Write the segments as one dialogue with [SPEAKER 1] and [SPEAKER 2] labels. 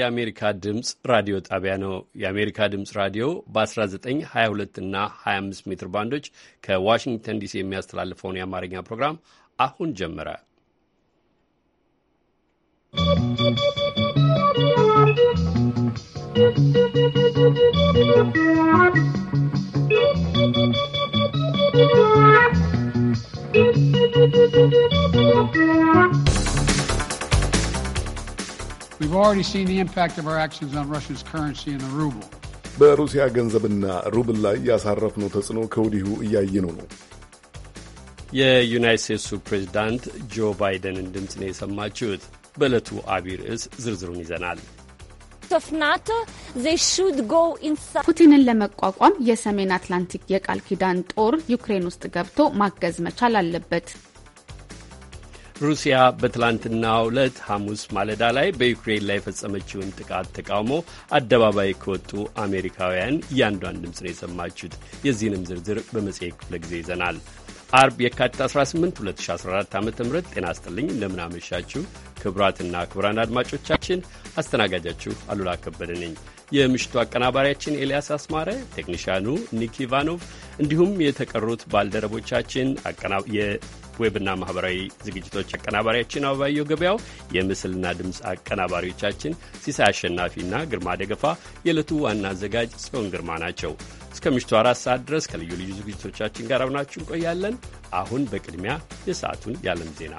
[SPEAKER 1] የአሜሪካ ድምፅ ራዲዮ ጣቢያ ነው። የአሜሪካ ድምፅ ራዲዮ በ1922 እና 25 ሜትር ባንዶች ከዋሽንግተን ዲሲ የሚያስተላልፈውን የአማርኛ ፕሮግራም አሁን ጀመረ።
[SPEAKER 2] ¶¶
[SPEAKER 3] በሩሲያ ገንዘብና ሩብል ላይ ያሳረፍነው ተጽዕኖ ከወዲሁ እያየነው ነው።
[SPEAKER 1] የዩናይት ስቴትሱ ፕሬዚዳንት ጆ ባይደንን ድምፅ ነው የሰማችሁት። በዕለቱ አቢይ ርዕስ ዝርዝሩን ይዘናል።
[SPEAKER 4] ፑቲንን ለመቋቋም የሰሜን አትላንቲክ የቃል ኪዳን ጦር ዩክሬን ውስጥ ገብቶ ማገዝ መቻል አለበት።
[SPEAKER 1] ሩሲያ በትላንትናው ዕለት ሐሙስ ማለዳ ላይ በዩክሬን ላይ የፈጸመችውን ጥቃት ተቃውሞ አደባባይ ከወጡ አሜሪካውያን እያንዷን ድምፅ ነው የሰማችሁት። የዚህንም ዝርዝር በመጽሔት ክፍለ ጊዜ ይዘናል። አርብ የካቲት 18 2014 ዓ ም ጤና ይስጥልኝ። እንደምናመሻችሁ ክቡራትና ክቡራን አድማጮቻችን አስተናጋጃችሁ አሉላ ከበደ ነኝ። የምሽቱ አቀናባሪያችን ኤልያስ አስማረ፣ ቴክኒሽያኑ ኒክ ኢቫኖቭ እንዲሁም የተቀሩት ባልደረቦቻችን ዌብና ማህበራዊ ዝግጅቶች አቀናባሪያችን አበባየሁ ገበያው፣ የምስልና ድምፅ አቀናባሪዎቻችን ሲሳይ አሸናፊና ግርማ ደገፋ፣ የዕለቱ ዋና አዘጋጅ ጽዮን ግርማ ናቸው። እስከ ምሽቱ አራት ሰዓት ድረስ ከልዩ ልዩ ዝግጅቶቻችን ጋር አብናችሁ እንቆያለን። አሁን በቅድሚያ የሰዓቱን የዓለም ዜና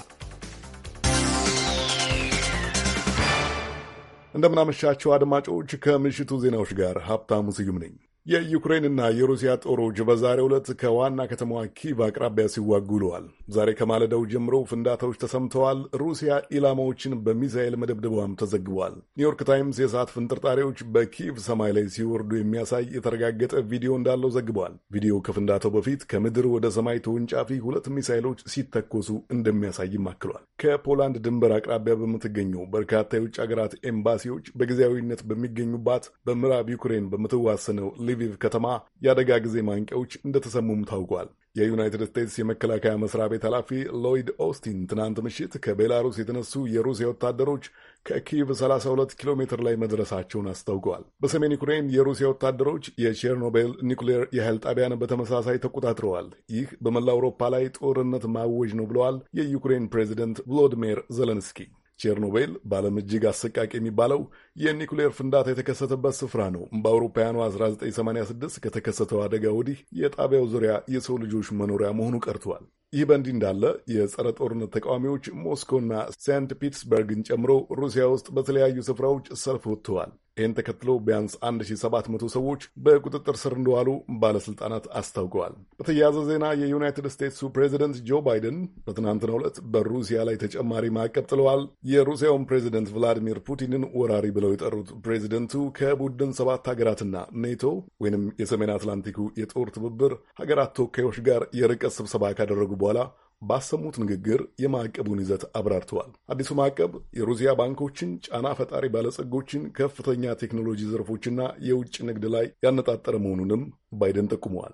[SPEAKER 3] እንደምናመሻቸው አድማጮች፣ ከምሽቱ ዜናዎች ጋር ሀብታሙ ስዩም ነኝ። የዩክሬንና የሩሲያ ጦሮች በዛሬ ዕለት ከዋና ከተማዋ ኪቭ አቅራቢያ ሲዋጉ ውለዋል። ዛሬ ከማለዳው ጀምሮ ፍንዳታዎች ተሰምተዋል። ሩሲያ ኢላማዎችን በሚሳኤል መደብደቧም ተዘግቧል። ኒውዮርክ ታይምስ የእሳት ፍንጥርጣሪዎች በኪቭ ሰማይ ላይ ሲወርዱ የሚያሳይ የተረጋገጠ ቪዲዮ እንዳለው ዘግቧል። ቪዲዮ ከፍንዳታው በፊት ከምድር ወደ ሰማይ ተወንጫፊ ሁለት ሚሳኤሎች ሲተኮሱ እንደሚያሳይም አክሏል። ከፖላንድ ድንበር አቅራቢያ በምትገኘው በርካታ የውጭ ሀገራት ኤምባሲዎች በጊዜያዊነት በሚገኙባት በምዕራብ ዩክሬን በምትዋሰነው ሊቪቭ ከተማ የአደጋ ጊዜ ማንቂያዎች እንደተሰሙም ታውቋል። የዩናይትድ ስቴትስ የመከላከያ መስሪያ ቤት ኃላፊ ሎይድ ኦስቲን ትናንት ምሽት ከቤላሩስ የተነሱ የሩሲያ ወታደሮች ከኪቭ 32 ኪሎ ሜትር ላይ መድረሳቸውን አስታውቀዋል። በሰሜን ዩክሬን የሩሲያ ወታደሮች የቼርኖቤል ኒውክሌር የኃይል ጣቢያን በተመሳሳይ ተቆጣጥረዋል። ይህ በመላ አውሮፓ ላይ ጦርነት ማወጅ ነው ብለዋል የዩክሬን ፕሬዚደንት ቮሎዲሚር ዘለንስኪ። ቼርኖቤል በዓለም እጅግ አሰቃቂ የሚባለው የኒኩሌር ፍንዳታ የተከሰተበት ስፍራ ነው። በአውሮፓውያኑ 1986 ከተከሰተው አደጋ ወዲህ የጣቢያው ዙሪያ የሰው ልጆች መኖሪያ መሆኑ ቀርቷል። ይህ በእንዲህ እንዳለ የጸረ ጦርነት ተቃዋሚዎች ሞስኮና ሴንት ፒትስበርግን ጨምሮ ሩሲያ ውስጥ በተለያዩ ስፍራዎች ሰልፍ ወጥተዋል። ይህን ተከትሎ ቢያንስ 1700 ሰዎች በቁጥጥር ስር እንደዋሉ ባለሥልጣናት አስታውቀዋል። በተያያዘ ዜና የዩናይትድ ስቴትሱ ፕሬዚደንት ጆ ባይደን በትናንትናው ዕለት በሩሲያ ላይ ተጨማሪ ማዕቀብ ጥለዋል። የሩሲያውን ፕሬዚደንት ቭላዲሚር ፑቲንን ወራሪ ብለው የጠሩት ፕሬዚደንቱ ከቡድን ሰባት ሀገራትና ኔቶ ወይንም የሰሜን አትላንቲኩ የጦር ትብብር ሀገራት ተወካዮች ጋር የርቀት ስብሰባ ካደረጉ በኋላ ባሰሙት ንግግር የማዕቀቡን ይዘት አብራርተዋል። አዲሱ ማዕቀብ የሩሲያ ባንኮችን፣ ጫና ፈጣሪ ባለጸጎችን፣ ከፍተኛ ቴክኖሎጂ ዘርፎችና የውጭ ንግድ ላይ ያነጣጠረ መሆኑንም ባይደን ጠቁመዋል።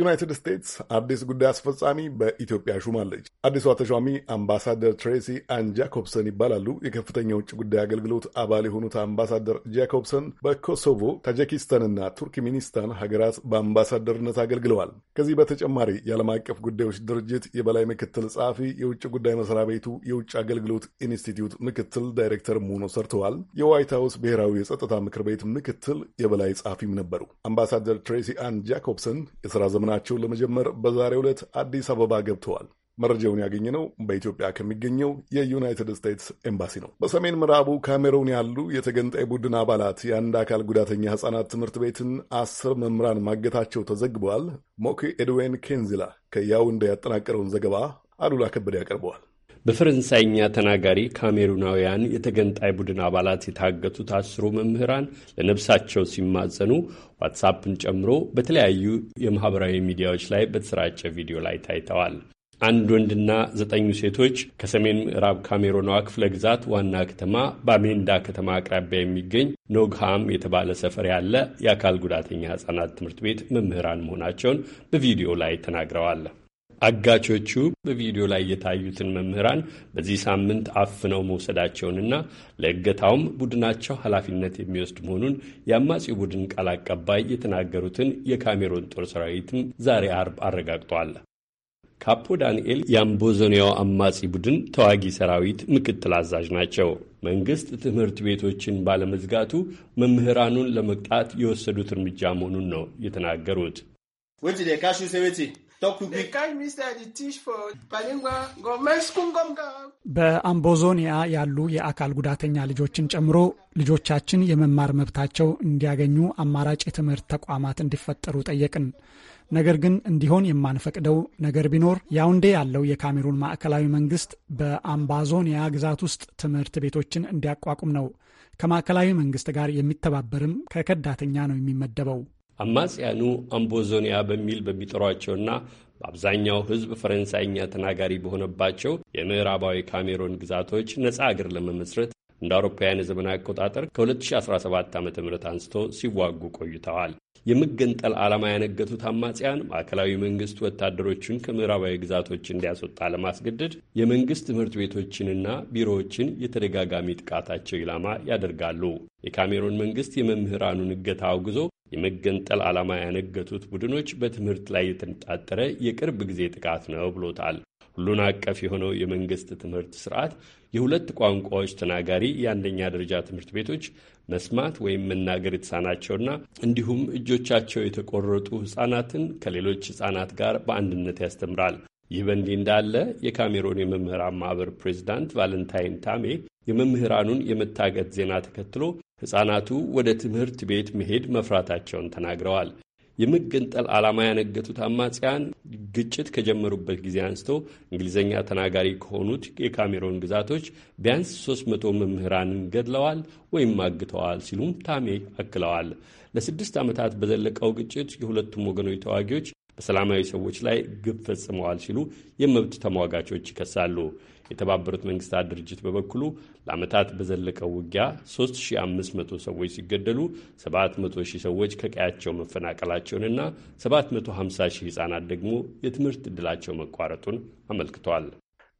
[SPEAKER 3] ዩናይትድ ስቴትስ አዲስ ጉዳይ አስፈጻሚ በኢትዮጵያ ሹማለች። አዲሷ ተሿሚ አምባሳደር ትሬሲ አን ጃኮብሰን ይባላሉ። የከፍተኛ ውጭ ጉዳይ አገልግሎት አባል የሆኑት አምባሳደር ጃኮብሰን በኮሶቮ፣ ታጂኪስታንና ቱርክሜኒስታን ሀገራት በአምባሳደርነት አገልግለዋል። ከዚህ በተጨማሪ የዓለም አቀፍ ጉዳዮች ድርጅት የበላይ ምክትል ጸሐፊ፣ የውጭ ጉዳይ መስሪያ ቤቱ የውጭ አገልግሎት ኢንስቲትዩት ምክትል ዳይሬክተር መሆኖ ሰርተዋል። የዋይት ሀውስ ብሔራዊ የጸጥታ ምክር ቤት ምክትል የበላይ ጸሐፊም ነበሩ። አምባሳደር ትሬሲ አን ጃኮብሰን የሥራ ዘመ ስልጠናቸውን ለመጀመር በዛሬው ዕለት አዲስ አበባ ገብተዋል። መረጃውን ያገኘነው በኢትዮጵያ ከሚገኘው የዩናይትድ ስቴትስ ኤምባሲ ነው። በሰሜን ምዕራቡ ካሜሮን ያሉ የተገንጣይ ቡድን አባላት የአንድ አካል ጉዳተኛ ሕጻናት ትምህርት ቤትን አስር መምህራን ማገታቸው ተዘግበዋል። ሞኪ ኤድዌን ኬንዚላ ከያውንዴ ያጠናቀረውን ዘገባ አሉላ ከበደ ያቀርበዋል።
[SPEAKER 1] በፈረንሳይኛ ተናጋሪ ካሜሩናውያን የተገንጣይ ቡድን አባላት የታገቱት ታስሩ መምህራን ለነብሳቸው ሲማጸኑ ዋትሳፕን ጨምሮ በተለያዩ የማህበራዊ ሚዲያዎች ላይ በተሰራጨ ቪዲዮ ላይ ታይተዋል። አንድ ወንድና ዘጠኙ ሴቶች ከሰሜን ምዕራብ ካሜሮኗ ክፍለ ግዛት ዋና ከተማ በአሜንዳ ከተማ አቅራቢያ የሚገኝ ኖግሃም የተባለ ሰፈር ያለ የአካል ጉዳተኛ ሕጻናት ትምህርት ቤት መምህራን መሆናቸውን በቪዲዮ ላይ ተናግረዋል። አጋቾቹ በቪዲዮ ላይ የታዩትን መምህራን በዚህ ሳምንት አፍነው መውሰዳቸውንና ለእገታውም ቡድናቸው ኃላፊነት የሚወስድ መሆኑን የአማጺው ቡድን ቃል አቀባይ የተናገሩትን የካሜሮን ጦር ሰራዊትም ዛሬ አርብ አረጋግጧል። ካፖ ዳንኤል የአምቦዞኒያው አማጺ ቡድን ተዋጊ ሰራዊት ምክትል አዛዥ ናቸው። መንግሥት ትምህርት ቤቶችን ባለመዝጋቱ መምህራኑን ለመቅጣት የወሰዱት እርምጃ መሆኑን ነው የተናገሩት። በአምቦ ያሉ
[SPEAKER 5] የአካል ጉዳተኛ ልጆችን ጨምሮ ልጆቻችን የመማር መብታቸው እንዲያገኙ አማራጭ የትምህርት ተቋማት እንዲፈጠሩ ጠየቅን። ነገር ግን እንዲሆን የማንፈቅደው ነገር ቢኖር ያውንዴ ያለው የካሜሩን ማዕከላዊ መንግስት በአምባዞኒያ ግዛት ውስጥ ትምህርት ቤቶችን እንዲያቋቁም ነው። ከማዕከላዊ መንግስት ጋር የሚተባበርም ከከዳተኛ ነው የሚመደበው።
[SPEAKER 1] አማጽያኑ አምቦዞኒያ በሚል በሚጠሯቸውና በአብዛኛው ሕዝብ ፈረንሳይኛ ተናጋሪ በሆነባቸው የምዕራባዊ ካሜሮን ግዛቶች ነፃ አገር ለመመስረት እንደ አውሮፓውያን የዘመን አቆጣጠር ከ2017 ዓ ም አንስቶ ሲዋጉ ቆይተዋል። የመገንጠል ዓላማ ያነገቱት አማጽያን ማዕከላዊ መንግሥት ወታደሮቹን ከምዕራባዊ ግዛቶች እንዲያስወጣ ለማስገደድ የመንግሥት ትምህርት ቤቶችንና ቢሮዎችን የተደጋጋሚ ጥቃታቸው ኢላማ ያደርጋሉ። የካሜሩን መንግሥት የመምህራኑን እገታ አውግዞ የመገንጠል ዓላማ ያነገቱት ቡድኖች በትምህርት ላይ የተነጣጠረ የቅርብ ጊዜ ጥቃት ነው ብሎታል። ሁሉን አቀፍ የሆነው የመንግስት ትምህርት ስርዓት የሁለት ቋንቋዎች ተናጋሪ የአንደኛ ደረጃ ትምህርት ቤቶች መስማት ወይም መናገር የተሳናቸውና እንዲሁም እጆቻቸው የተቆረጡ ሕፃናትን ከሌሎች ሕፃናት ጋር በአንድነት ያስተምራል። ይህ በእንዲህ እንዳለ የካሜሮን የመምህራን ማህበር ፕሬዚዳንት ቫለንታይን ታሜ የመምህራኑን የመታገት ዜና ተከትሎ ሕፃናቱ ወደ ትምህርት ቤት መሄድ መፍራታቸውን ተናግረዋል። የመገንጠል ዓላማ ያነገቱት አማጽያን ግጭት ከጀመሩበት ጊዜ አንስቶ እንግሊዝኛ ተናጋሪ ከሆኑት የካሜሮን ግዛቶች ቢያንስ 300 መምህራንን ገድለዋል ወይም አግተዋል ሲሉም ታሜ አክለዋል። ለስድስት ዓመታት በዘለቀው ግጭት የሁለቱም ወገኖች ተዋጊዎች በሰላማዊ ሰዎች ላይ ግፍ ፈጽመዋል ሲሉ የመብት ተሟጋቾች ይከሳሉ። የተባበሩት መንግስታት ድርጅት በበኩሉ ለአመታት በዘለቀው ውጊያ 3500 ሰዎች ሲገደሉ 700 ሰዎች ከቀያቸው መፈናቀላቸውንና 750 ህጻናት ደግሞ የትምህርት ዕድላቸው
[SPEAKER 3] መቋረጡን አመልክቷል።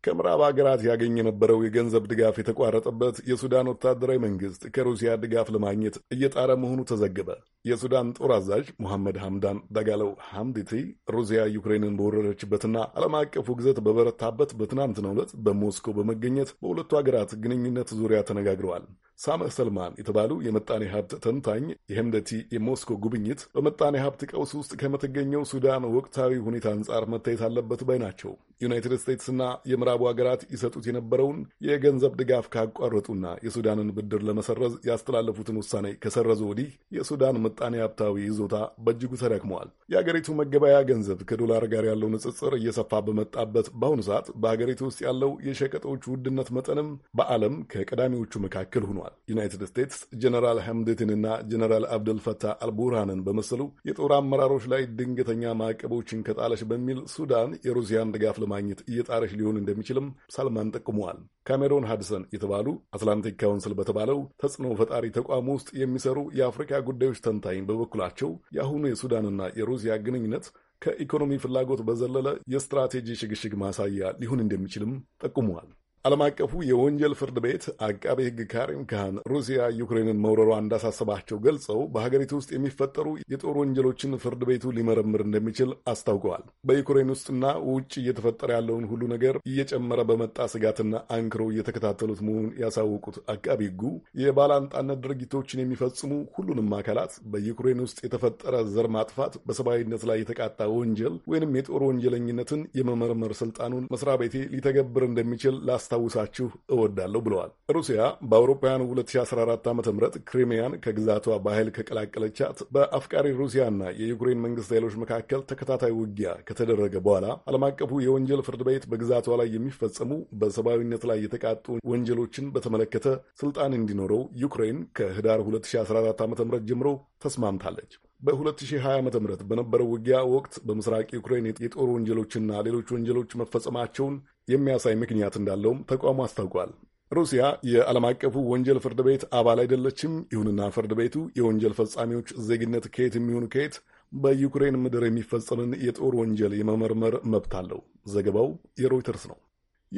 [SPEAKER 3] ከምዕራብ ሀገራት ያገኝ የነበረው የገንዘብ ድጋፍ የተቋረጠበት የሱዳን ወታደራዊ መንግስት ከሩሲያ ድጋፍ ለማግኘት እየጣረ መሆኑ ተዘገበ። የሱዳን ጦር አዛዥ ሙሐመድ ሐምዳን ዳጋለው ሐምዲቲ ሩሲያ ዩክሬንን በወረረችበትና ዓለም አቀፉ ግዘት በበረታበት በትናንትናው ዕለት በሞስኮ በመገኘት በሁለቱ ሀገራት ግንኙነት ዙሪያ ተነጋግረዋል። ሳምህ ሰልማን የተባሉ የመጣኔ ሀብት ተንታኝ የህምደቲ የሞስኮ ጉብኝት በመጣኔ ሀብት ቀውስ ውስጥ ከምትገኘው ሱዳን ወቅታዊ ሁኔታ አንጻር መታየት አለበት ባይ ናቸው። ዩናይትድ ስቴትስና የምዕራቡ ሀገራት ይሰጡት የነበረውን የገንዘብ ድጋፍ ካቋረጡና የሱዳንን ብድር ለመሰረዝ ያስተላለፉትን ውሳኔ ከሰረዙ ወዲህ የሱዳን ምጣኔ ሀብታዊ ይዞታ በእጅጉ ተዳክመዋል። የአገሪቱ መገበያ ገንዘብ ከዶላር ጋር ያለው ንጽጽር እየሰፋ በመጣበት በአሁኑ ሰዓት በአገሪቱ ውስጥ ያለው የሸቀጦች ውድነት መጠንም በዓለም ከቀዳሚዎቹ መካከል ሆኗል። ዩናይትድ ስቴትስ ጀነራል ሐምድትንና ጀነራል አብደልፈታህ አልቡርሃንን በመሰሉ የጦር አመራሮች ላይ ድንገተኛ ማዕቀቦችን ከጣለች በሚል ሱዳን የሩሲያን ድጋፍ ለማግኘት እየጣረች ሊሆን እንደሚችልም ሳልማን ጠቁመዋል። ካሜሮን ሃድሰን የተባሉ አትላንቲክ ካውንስል በተባለው ተጽዕኖ ፈጣሪ ተቋም ውስጥ የሚሰሩ የአፍሪካ ጉዳዮች ተንታኝ በበኩላቸው የአሁኑ የሱዳንና የሩሲያ ግንኙነት ከኢኮኖሚ ፍላጎት በዘለለ የስትራቴጂ ሽግሽግ ማሳያ ሊሆን እንደሚችልም ጠቁመዋል። ዓለም አቀፉ የወንጀል ፍርድ ቤት አቃቤ ሕግ ካሪም ካህን ሩሲያ ዩክሬንን መውረሯ እንዳሳሰባቸው ገልጸው በሀገሪቱ ውስጥ የሚፈጠሩ የጦር ወንጀሎችን ፍርድ ቤቱ ሊመረምር እንደሚችል አስታውቀዋል። በዩክሬን ውስጥና ውጭ እየተፈጠረ ያለውን ሁሉ ነገር እየጨመረ በመጣ ስጋትና አንክሮ እየተከታተሉት መሆኑን ያሳወቁት አቃቤ ሕጉ የባላንጣነት ድርጊቶችን የሚፈጽሙ ሁሉንም አካላት በዩክሬን ውስጥ የተፈጠረ ዘር ማጥፋት፣ በሰብአዊነት ላይ የተቃጣ ወንጀል ወይንም የጦር ወንጀለኝነትን የመመርመር ስልጣኑን መስሪያ ቤቴ ሊተገብር እንደሚችል ላስ ላስታውሳችሁ እወዳለሁ ብለዋል። ሩሲያ በአውሮፓውያኑ 2014 ዓ ም ክሪሚያን ከግዛቷ በኃይል ከቀላቀለቻት በአፍቃሪ ሩሲያና የዩክሬን መንግስት ኃይሎች መካከል ተከታታይ ውጊያ ከተደረገ በኋላ ዓለም አቀፉ የወንጀል ፍርድ ቤት በግዛቷ ላይ የሚፈጸሙ በሰብአዊነት ላይ የተቃጡ ወንጀሎችን በተመለከተ ስልጣን እንዲኖረው ዩክሬን ከህዳር 2014 ዓ ም ጀምሮ ተስማምታለች። በ2020 ዓ ም በነበረው ውጊያ ወቅት በምስራቅ ዩክሬን የጦር ወንጀሎችና ሌሎች ወንጀሎች መፈጸማቸውን የሚያሳይ ምክንያት እንዳለውም ተቋሙ አስታውቋል። ሩሲያ የዓለም አቀፉ ወንጀል ፍርድ ቤት አባል አይደለችም። ይሁንና ፍርድ ቤቱ የወንጀል ፈጻሚዎች ዜግነት ከየት የሚሆኑ ከየት በዩክሬን ምድር የሚፈጸምን የጦር ወንጀል የመመርመር መብት አለው። ዘገባው የሮይተርስ ነው።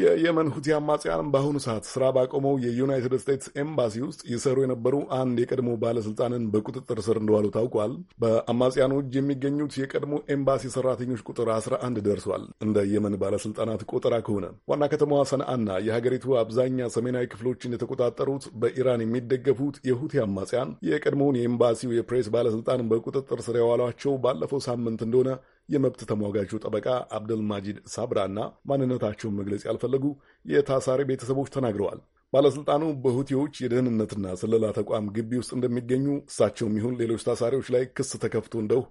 [SPEAKER 3] የየመን ሁቲ አማጽያን በአሁኑ ሰዓት ስራ ባቆመው የዩናይትድ ስቴትስ ኤምባሲ ውስጥ ይሰሩ የነበሩ አንድ የቀድሞ ባለስልጣንን በቁጥጥር ስር እንደዋሉ ታውቋል። በአማጽያኑ እጅ የሚገኙት የቀድሞ ኤምባሲ ሰራተኞች ቁጥር 11 ደርሷል። እንደ የመን ባለስልጣናት ቆጠራ ከሆነ ዋና ከተማዋ ሰነአና የሀገሪቱ አብዛኛ ሰሜናዊ ክፍሎችን የተቆጣጠሩት በኢራን የሚደገፉት የሁቲ አማጽያን የቀድሞውን የኤምባሲው የፕሬስ ባለስልጣን በቁጥጥር ስር ያዋሏቸው ባለፈው ሳምንት እንደሆነ የመብት ተሟጋቹ ጠበቃ አብደልማጂድ ሳብራና ማንነታቸውን መግለጽ ያልፈለጉ የታሳሪ ቤተሰቦች ተናግረዋል። ባለሥልጣኑ በሁቲዎች የደህንነትና ስለላ ተቋም ግቢ ውስጥ እንደሚገኙ እሳቸውም ይሁን ሌሎች ታሳሪዎች ላይ ክስ ተከፍቶ እንደው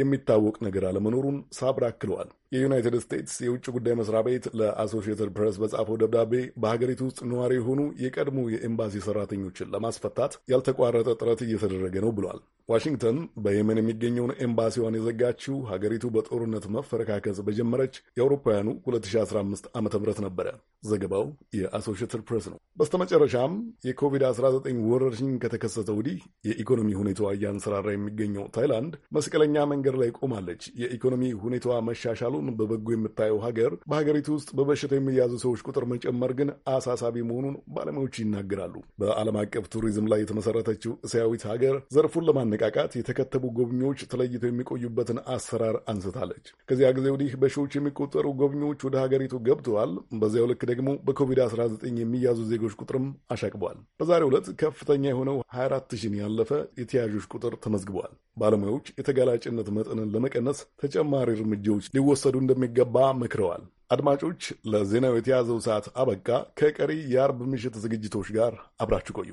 [SPEAKER 3] የሚታወቅ ነገር አለመኖሩን ሳብራ አክለዋል። የዩናይትድ ስቴትስ የውጭ ጉዳይ መስሪያ ቤት ለአሶሺየትድ ፕሬስ በጻፈው ደብዳቤ በሀገሪቱ ውስጥ ነዋሪ የሆኑ የቀድሞ የኤምባሲ ሰራተኞችን ለማስፈታት ያልተቋረጠ ጥረት እየተደረገ ነው ብሏል። ዋሽንግተን በየመን የሚገኘውን ኤምባሲዋን የዘጋችው ሀገሪቱ በጦርነት መፈረካከስ በጀመረች የአውሮፓውያኑ 2015 ዓ ም ነበረ። ዘገባው የአሶሽትድ ፕሬስ ነው። በስተመጨረሻም የኮቪድ-19 ወረርሽኝ ከተከሰተ ወዲህ የኢኮኖሚ ሁኔታዋ እያንሰራራ የሚገኘው ታይላንድ መስቀለኛ መንገድ ላይ ቆማለች። የኢኮኖሚ ሁኔታዋ መሻሻሉ መቻሏን በበጎ የምታየው ሀገር በሀገሪቱ ውስጥ በበሽታ የሚያዙ ሰዎች ቁጥር መጨመር ግን አሳሳቢ መሆኑን ባለሙያዎች ይናገራሉ። በዓለም አቀፍ ቱሪዝም ላይ የተመሰረተችው እስያዊት ሀገር ዘርፉን ለማነቃቃት የተከተቡ ጎብኚዎች ተለይተው የሚቆዩበትን አሰራር አንስታለች። ከዚያ ጊዜ ወዲህ በሺዎች የሚቆጠሩ ጎብኚዎች ወደ ሀገሪቱ ገብተዋል። በዚያው ልክ ደግሞ በኮቪድ-19 የሚያዙ ዜጎች ቁጥርም አሻቅቧል። በዛሬው ዕለት ከፍተኛ የሆነው 24 ሺህን ያለፈ የተያዦች ቁጥር ተመዝግቧል። ባለሙያዎች የተጋላጭነት መጠንን ለመቀነስ ተጨማሪ እርምጃዎች ሊወሰዱ ሊወሰዱ እንደሚገባ መክረዋል። አድማጮች፣ ለዜናው የተያዘው ሰዓት አበቃ። ከቀሪ የአርብ ምሽት ዝግጅቶች ጋር አብራችሁ ቆዩ።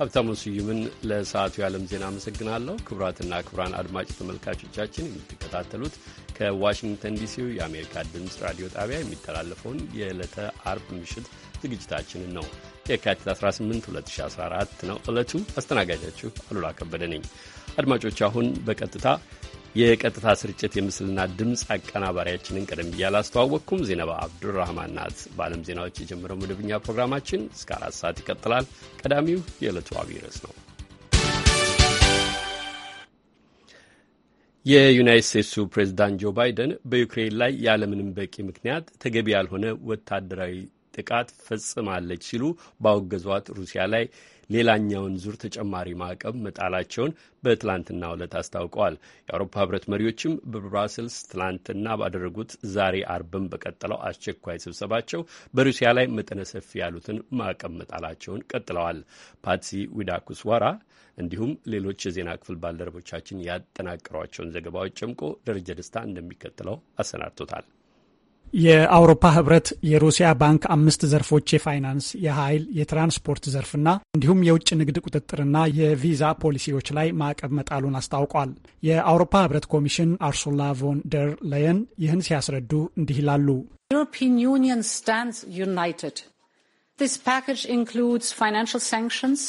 [SPEAKER 1] ሀብታሙ ስዩምን ለሰዓቱ የዓለም ዜና አመሰግናለሁ። ክቡራትና ክቡራን አድማጭ ተመልካቾቻችን የምትከታተሉት ከዋሽንግተን ዲሲው የአሜሪካ ድምፅ ራዲዮ ጣቢያ የሚተላለፈውን የዕለተ አርብ ምሽት ዝግጅታችንን ነው። የካቲት 18 2014 ነው ዕለቱ። አስተናጋጃችሁ አሉላ ከበደ ነኝ። አድማጮች አሁን በቀጥታ የቀጥታ ስርጭት የምስልና ድምፅ አቀናባሪያችንን ቀደም ብዬ አላስተዋወቅኩም። ዜናባ አብዱራህማን ናት። በዓለም ዜናዎች የጀመረው መደበኛ ፕሮግራማችን እስከ አራት ሰዓት ይቀጥላል። ቀዳሚው የዕለቱ አብይ ርዕስ ነው። የዩናይት ስቴትሱ ፕሬዚዳንት ጆ ባይደን በዩክሬን ላይ ያለምንም በቂ ምክንያት ተገቢ ያልሆነ ወታደራዊ ጥቃት ፈጽማለች ሲሉ ባወገዟት ሩሲያ ላይ ሌላኛውን ዙር ተጨማሪ ማዕቀብ መጣላቸውን በትላንትና ዕለት አስታውቀዋል። የአውሮፓ ህብረት መሪዎችም በብራስልስ ትላንትና ባደረጉት ዛሬ አርብን በቀጠለው አስቸኳይ ስብሰባቸው በሩሲያ ላይ መጠነ ሰፊ ያሉትን ማዕቀብ መጣላቸውን ቀጥለዋል። ፓትሲ ዊዳኩስ ወራ እንዲሁም ሌሎች የዜና ክፍል ባልደረቦቻችን ያጠናቀሯቸውን ዘገባዎች ጨምቆ ደረጀ ደስታ እንደሚከተለው አሰናድቶታል።
[SPEAKER 5] የአውሮፓ ህብረት የሩሲያ ባንክ አምስት ዘርፎች የፋይናንስ፣ የኃይል፣ የትራንስፖርት ዘርፍና እንዲሁም የውጭ ንግድ ቁጥጥርና የቪዛ ፖሊሲዎች ላይ ማዕቀብ መጣሉን አስታውቋል። የአውሮፓ ህብረት ኮሚሽን አርሱላ ቮን ደር ለየን ይህን ሲያስረዱ እንዲህ ይላሉ።
[SPEAKER 6] ዩሮፒን ዩኒየን stands ዩናይትድ This ፓኬጅ ኢንክሉድስ ፋይናንሽል ሳንክሽንስ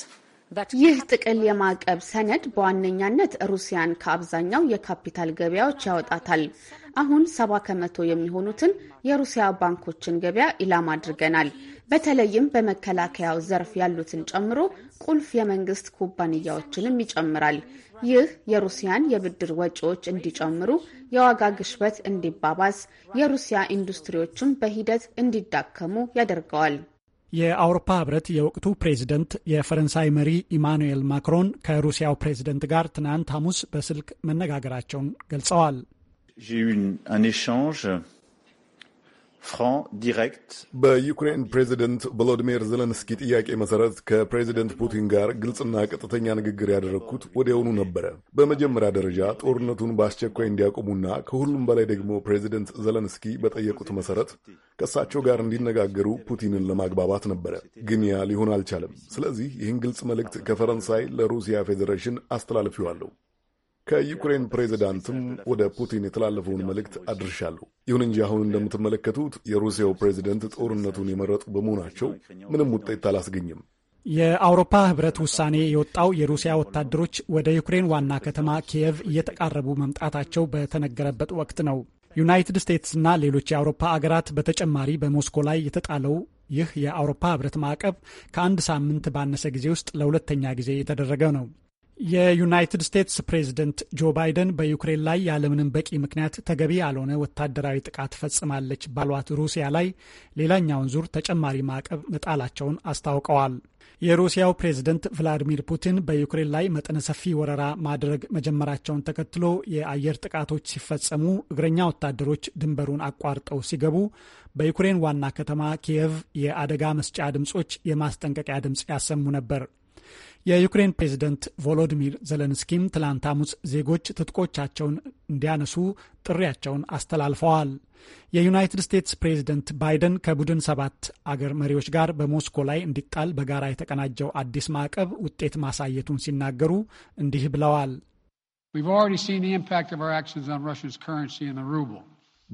[SPEAKER 6] ይህ ጥቅል የማዕቀብ ሰነድ
[SPEAKER 4] በዋነኛነት ሩሲያን ከአብዛኛው የካፒታል ገበያዎች ያወጣታል። አሁን ሰባ ከመቶ የሚሆኑትን የሩሲያ ባንኮችን ገበያ ኢላማ አድርገናል። በተለይም በመከላከያው ዘርፍ ያሉትን ጨምሮ ቁልፍ የመንግስት ኩባንያዎችንም ይጨምራል። ይህ የሩሲያን የብድር ወጪዎች እንዲጨምሩ፣ የዋጋ ግሽበት እንዲባባስ፣ የሩሲያ ኢንዱስትሪዎችም በሂደት እንዲዳከሙ ያደርገዋል።
[SPEAKER 5] የአውሮፓ ህብረት የወቅቱ ፕሬዚደንት የፈረንሳይ መሪ ኢማኑኤል ማክሮን ከሩሲያው ፕሬዚደንት ጋር ትናንት ሐሙስ በስልክ መነጋገራቸውን ገልጸዋል።
[SPEAKER 3] በዩክሬን ፕሬዚደንት ቮሎዲሚር ዘለንስኪ ጥያቄ መሰረት ከፕሬዚደንት ፑቲን ጋር ግልጽና ቀጥተኛ ንግግር ያደረግኩት ወዲያውኑ ነበረ። በመጀመሪያ ደረጃ ጦርነቱን በአስቸኳይ እንዲያቆሙና ከሁሉም በላይ ደግሞ ፕሬዚደንት ዘለንስኪ በጠየቁት መሰረት ከእሳቸው ጋር እንዲነጋገሩ ፑቲንን ለማግባባት ነበረ። ግን ያ ሊሆን አልቻለም። ስለዚህ ይህን ግልጽ መልእክት ከፈረንሳይ ለሩሲያ ፌዴሬሽን አስተላልፊዋለሁ። ከዩክሬን ፕሬዚዳንትም ወደ ፑቲን የተላለፈውን መልእክት አድርሻለሁ። ይሁን እንጂ አሁን እንደምትመለከቱት የሩሲያው ፕሬዚደንት ጦርነቱን የመረጡ በመሆናቸው ምንም ውጤት አላስገኝም።
[SPEAKER 5] የአውሮፓ ህብረት ውሳኔ የወጣው የሩሲያ ወታደሮች ወደ ዩክሬን ዋና ከተማ ኪየቭ እየተቃረቡ መምጣታቸው በተነገረበት ወቅት ነው። ዩናይትድ ስቴትስና ሌሎች የአውሮፓ አገራት በተጨማሪ በሞስኮ ላይ የተጣለው ይህ የአውሮፓ ህብረት ማዕቀብ ከአንድ ሳምንት ባነሰ ጊዜ ውስጥ ለሁለተኛ ጊዜ የተደረገ ነው። የዩናይትድ ስቴትስ ፕሬዝደንት ጆ ባይደን በዩክሬን ላይ ያለምንም በቂ ምክንያት ተገቢ ያልሆነ ወታደራዊ ጥቃት ፈጽማለች ባሏት ሩሲያ ላይ ሌላኛውን ዙር ተጨማሪ ማዕቀብ መጣላቸውን አስታውቀዋል። የሩሲያው ፕሬዝደንት ቭላዲሚር ፑቲን በዩክሬን ላይ መጠነ ሰፊ ወረራ ማድረግ መጀመራቸውን ተከትሎ የአየር ጥቃቶች ሲፈጸሙ፣ እግረኛ ወታደሮች ድንበሩን አቋርጠው ሲገቡ፣ በዩክሬን ዋና ከተማ ኪየቭ የአደጋ መስጫ ድምጾች የማስጠንቀቂያ ድምጽ ያሰሙ ነበር። የዩክሬን ፕሬዝደንት ቮሎዲሚር ዘለንስኪም ትላንት ሐሙስ ዜጎች ትጥቆቻቸውን እንዲያነሱ ጥሪያቸውን አስተላልፈዋል። የዩናይትድ ስቴትስ ፕሬዝደንት ባይደን ከቡድን ሰባት አገር መሪዎች ጋር በሞስኮ ላይ እንዲጣል በጋራ የተቀናጀው አዲስ ማዕቀብ ውጤት ማሳየቱን ሲናገሩ እንዲህ ብለዋል። We've already seen the impact of our actions on Russia's currency and the ruble.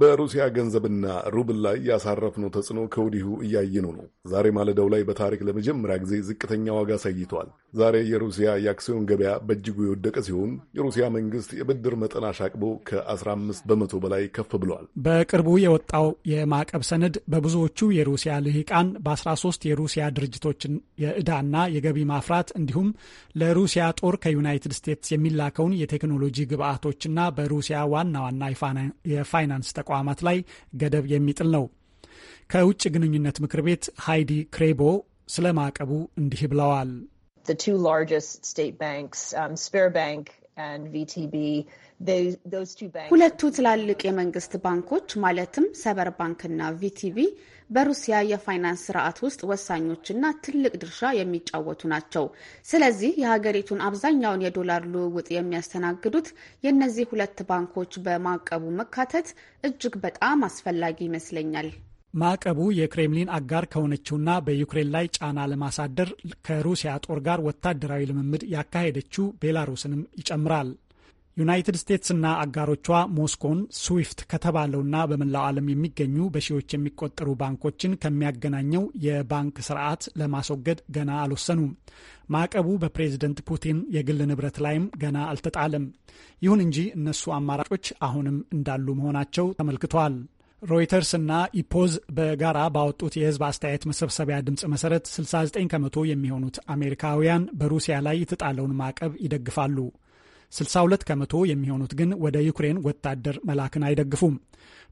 [SPEAKER 3] በሩሲያ ገንዘብና ሩብል ላይ ያሳረፍነው ተጽዕኖ ከወዲሁ እያየነው ነው። ዛሬ ማለዳው ላይ በታሪክ ለመጀመሪያ ጊዜ ዝቅተኛ ዋጋ አሳይቷል። ዛሬ የሩሲያ የአክሲዮን ገበያ በእጅጉ የወደቀ ሲሆን የሩሲያ መንግስት የብድር መጠን አሻቅቦ ከ15 በመቶ በላይ ከፍ ብሏል።
[SPEAKER 5] በቅርቡ የወጣው የማዕቀብ ሰነድ በብዙዎቹ የሩሲያ ልሂቃን በ13 የሩሲያ ድርጅቶችን የዕዳና የገቢ ማፍራት እንዲሁም ለሩሲያ ጦር ከዩናይትድ ስቴትስ የሚላከውን የቴክኖሎጂ ግብአቶችና በሩሲያ ዋና ዋና የፋይናንስ ተቋማት ላይ ገደብ የሚጥል ነው። ከውጭ ግንኙነት ምክር ቤት ሃይዲ ክሬቦ ስለ ማዕቀቡ እንዲህ ብለዋል።
[SPEAKER 2] the two largest state banks, um,
[SPEAKER 4] ሁለቱ ትላልቅ የመንግስት ባንኮች ማለትም ሰበር ባንክና ቪቲቢ በሩሲያ የፋይናንስ ስርዓት ውስጥ ወሳኞችና ትልቅ ድርሻ የሚጫወቱ ናቸው። ስለዚህ የሀገሪቱን አብዛኛውን የዶላር ልውውጥ የሚያስተናግዱት የእነዚህ ሁለት ባንኮች በማዕቀቡ መካተት እጅግ በጣም አስፈላጊ ይመስለኛል።
[SPEAKER 5] ማዕቀቡ የክሬምሊን አጋር ከሆነችውና በዩክሬን ላይ ጫና ለማሳደር ከሩሲያ ጦር ጋር ወታደራዊ ልምምድ ያካሄደችው ቤላሩስንም ይጨምራል። ዩናይትድ ስቴትስና አጋሮቿ ሞስኮን ስዊፍት ከተባለውና በመላው ዓለም የሚገኙ በሺዎች የሚቆጠሩ ባንኮችን ከሚያገናኘው የባንክ ስርዓት ለማስወገድ ገና አልወሰኑም። ማዕቀቡ በፕሬዝደንት ፑቲን የግል ንብረት ላይም ገና አልተጣለም። ይሁን እንጂ እነሱ አማራጮች አሁንም እንዳሉ መሆናቸው ተመልክቷል። ሮይተርስ እና ኢፖዝ በጋራ ባወጡት የህዝብ አስተያየት መሰብሰቢያ ድምፅ መሰረት 69 ከመቶ የሚሆኑት አሜሪካውያን በሩሲያ ላይ የተጣለውን ማዕቀብ ይደግፋሉ። 62 ከመቶ የሚሆኑት ግን ወደ ዩክሬን ወታደር መላክን አይደግፉም።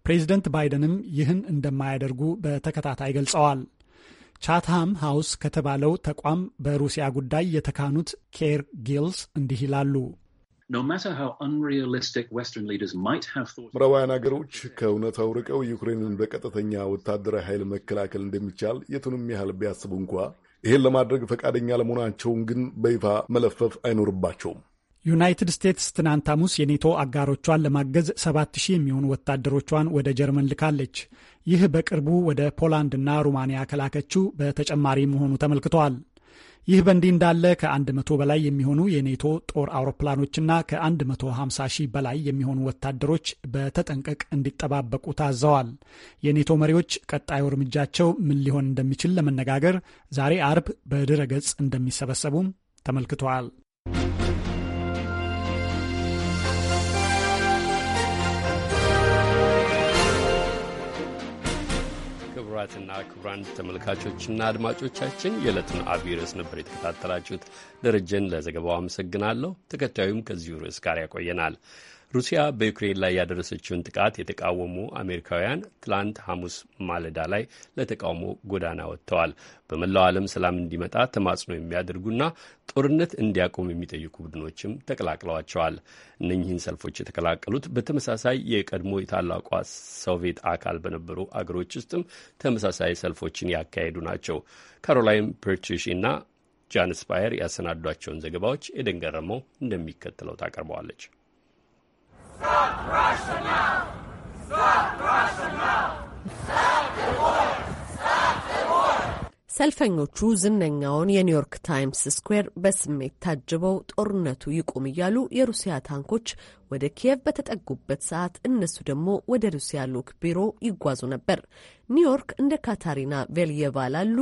[SPEAKER 5] ፕሬዚደንት ባይደንም ይህን እንደማያደርጉ በተከታታይ ገልጸዋል። ቻትሃም ሃውስ ከተባለው ተቋም በሩሲያ ጉዳይ የተካኑት ኬር ጊልስ እንዲህ ይላሉ።
[SPEAKER 3] ምዕራባውያን ሀገሮች ከእውነት አውርቀው ዩክሬንን በቀጥተኛ ወታደራዊ ኃይል መከላከል እንደሚቻል የቱንም ያህል ቢያስቡ እንኳ ይህን ለማድረግ ፈቃደኛ ለመሆናቸውን ግን በይፋ መለፈፍ አይኖርባቸውም።
[SPEAKER 5] ዩናይትድ ስቴትስ ትናንት ሐሙስ የኔቶ አጋሮቿን ለማገዝ 7000 የሚሆኑ ወታደሮቿን ወደ ጀርመን ልካለች። ይህ በቅርቡ ወደ ፖላንድና ሩማንያ ከላከችው በተጨማሪ መሆኑ ተመልክተዋል። ይህ በእንዲህ እንዳለ ከ100 በላይ የሚሆኑ የኔቶ ጦር አውሮፕላኖችና ከ150 ሺህ በላይ የሚሆኑ ወታደሮች በተጠንቀቅ እንዲጠባበቁ ታዘዋል። የኔቶ መሪዎች ቀጣዩ እርምጃቸው ምን ሊሆን እንደሚችል ለመነጋገር ዛሬ አርብ በድረ ገጽ እንደሚሰበሰቡም ተመልክተዋል።
[SPEAKER 1] ክቡራትና ክቡራን ተመልካቾችና አድማጮቻችን የዕለቱን አብይ ርዕስ ነበር የተከታተላችሁት። ደረጀን ለዘገባው አመሰግናለሁ። ተከታዩም ከዚሁ ርዕስ ጋር ያቆየናል። ሩሲያ በዩክሬን ላይ ያደረሰችውን ጥቃት የተቃወሙ አሜሪካውያን ትላንት ሐሙስ ማለዳ ላይ ለተቃውሞ ጎዳና ወጥተዋል። በመላው ዓለም ሰላም እንዲመጣ ተማጽኖ የሚያደርጉና ጦርነት እንዲያቆም የሚጠይቁ ቡድኖችም ተቀላቅለዋቸዋል። እነኚህን ሰልፎች የተቀላቀሉት በተመሳሳይ የቀድሞ የታላቋ ሶቪየት አካል በነበሩ አገሮች ውስጥም ተመሳሳይ ሰልፎችን ያካሄዱ ናቸው። ካሮላይን ፐርቺሽ እና ጃን ስፓየር ያሰናዷቸውን ዘገባዎች የደንገረመው ገረመው እንደሚከተለው ታቀርበዋለች።
[SPEAKER 7] ሰልፈኞቹ ዝነኛውን የኒውዮርክ ታይምስ ስኩዌር በስሜት ታጅበው ጦርነቱ ይቁም እያሉ የሩሲያ ታንኮች ወደ ኪየቭ በተጠጉበት ሰዓት እነሱ ደግሞ ወደ ሩሲያ ልዑክ ቢሮ ይጓዙ ነበር። ኒውዮርክ እንደ ካታሪና ቬልየቫ ላሉ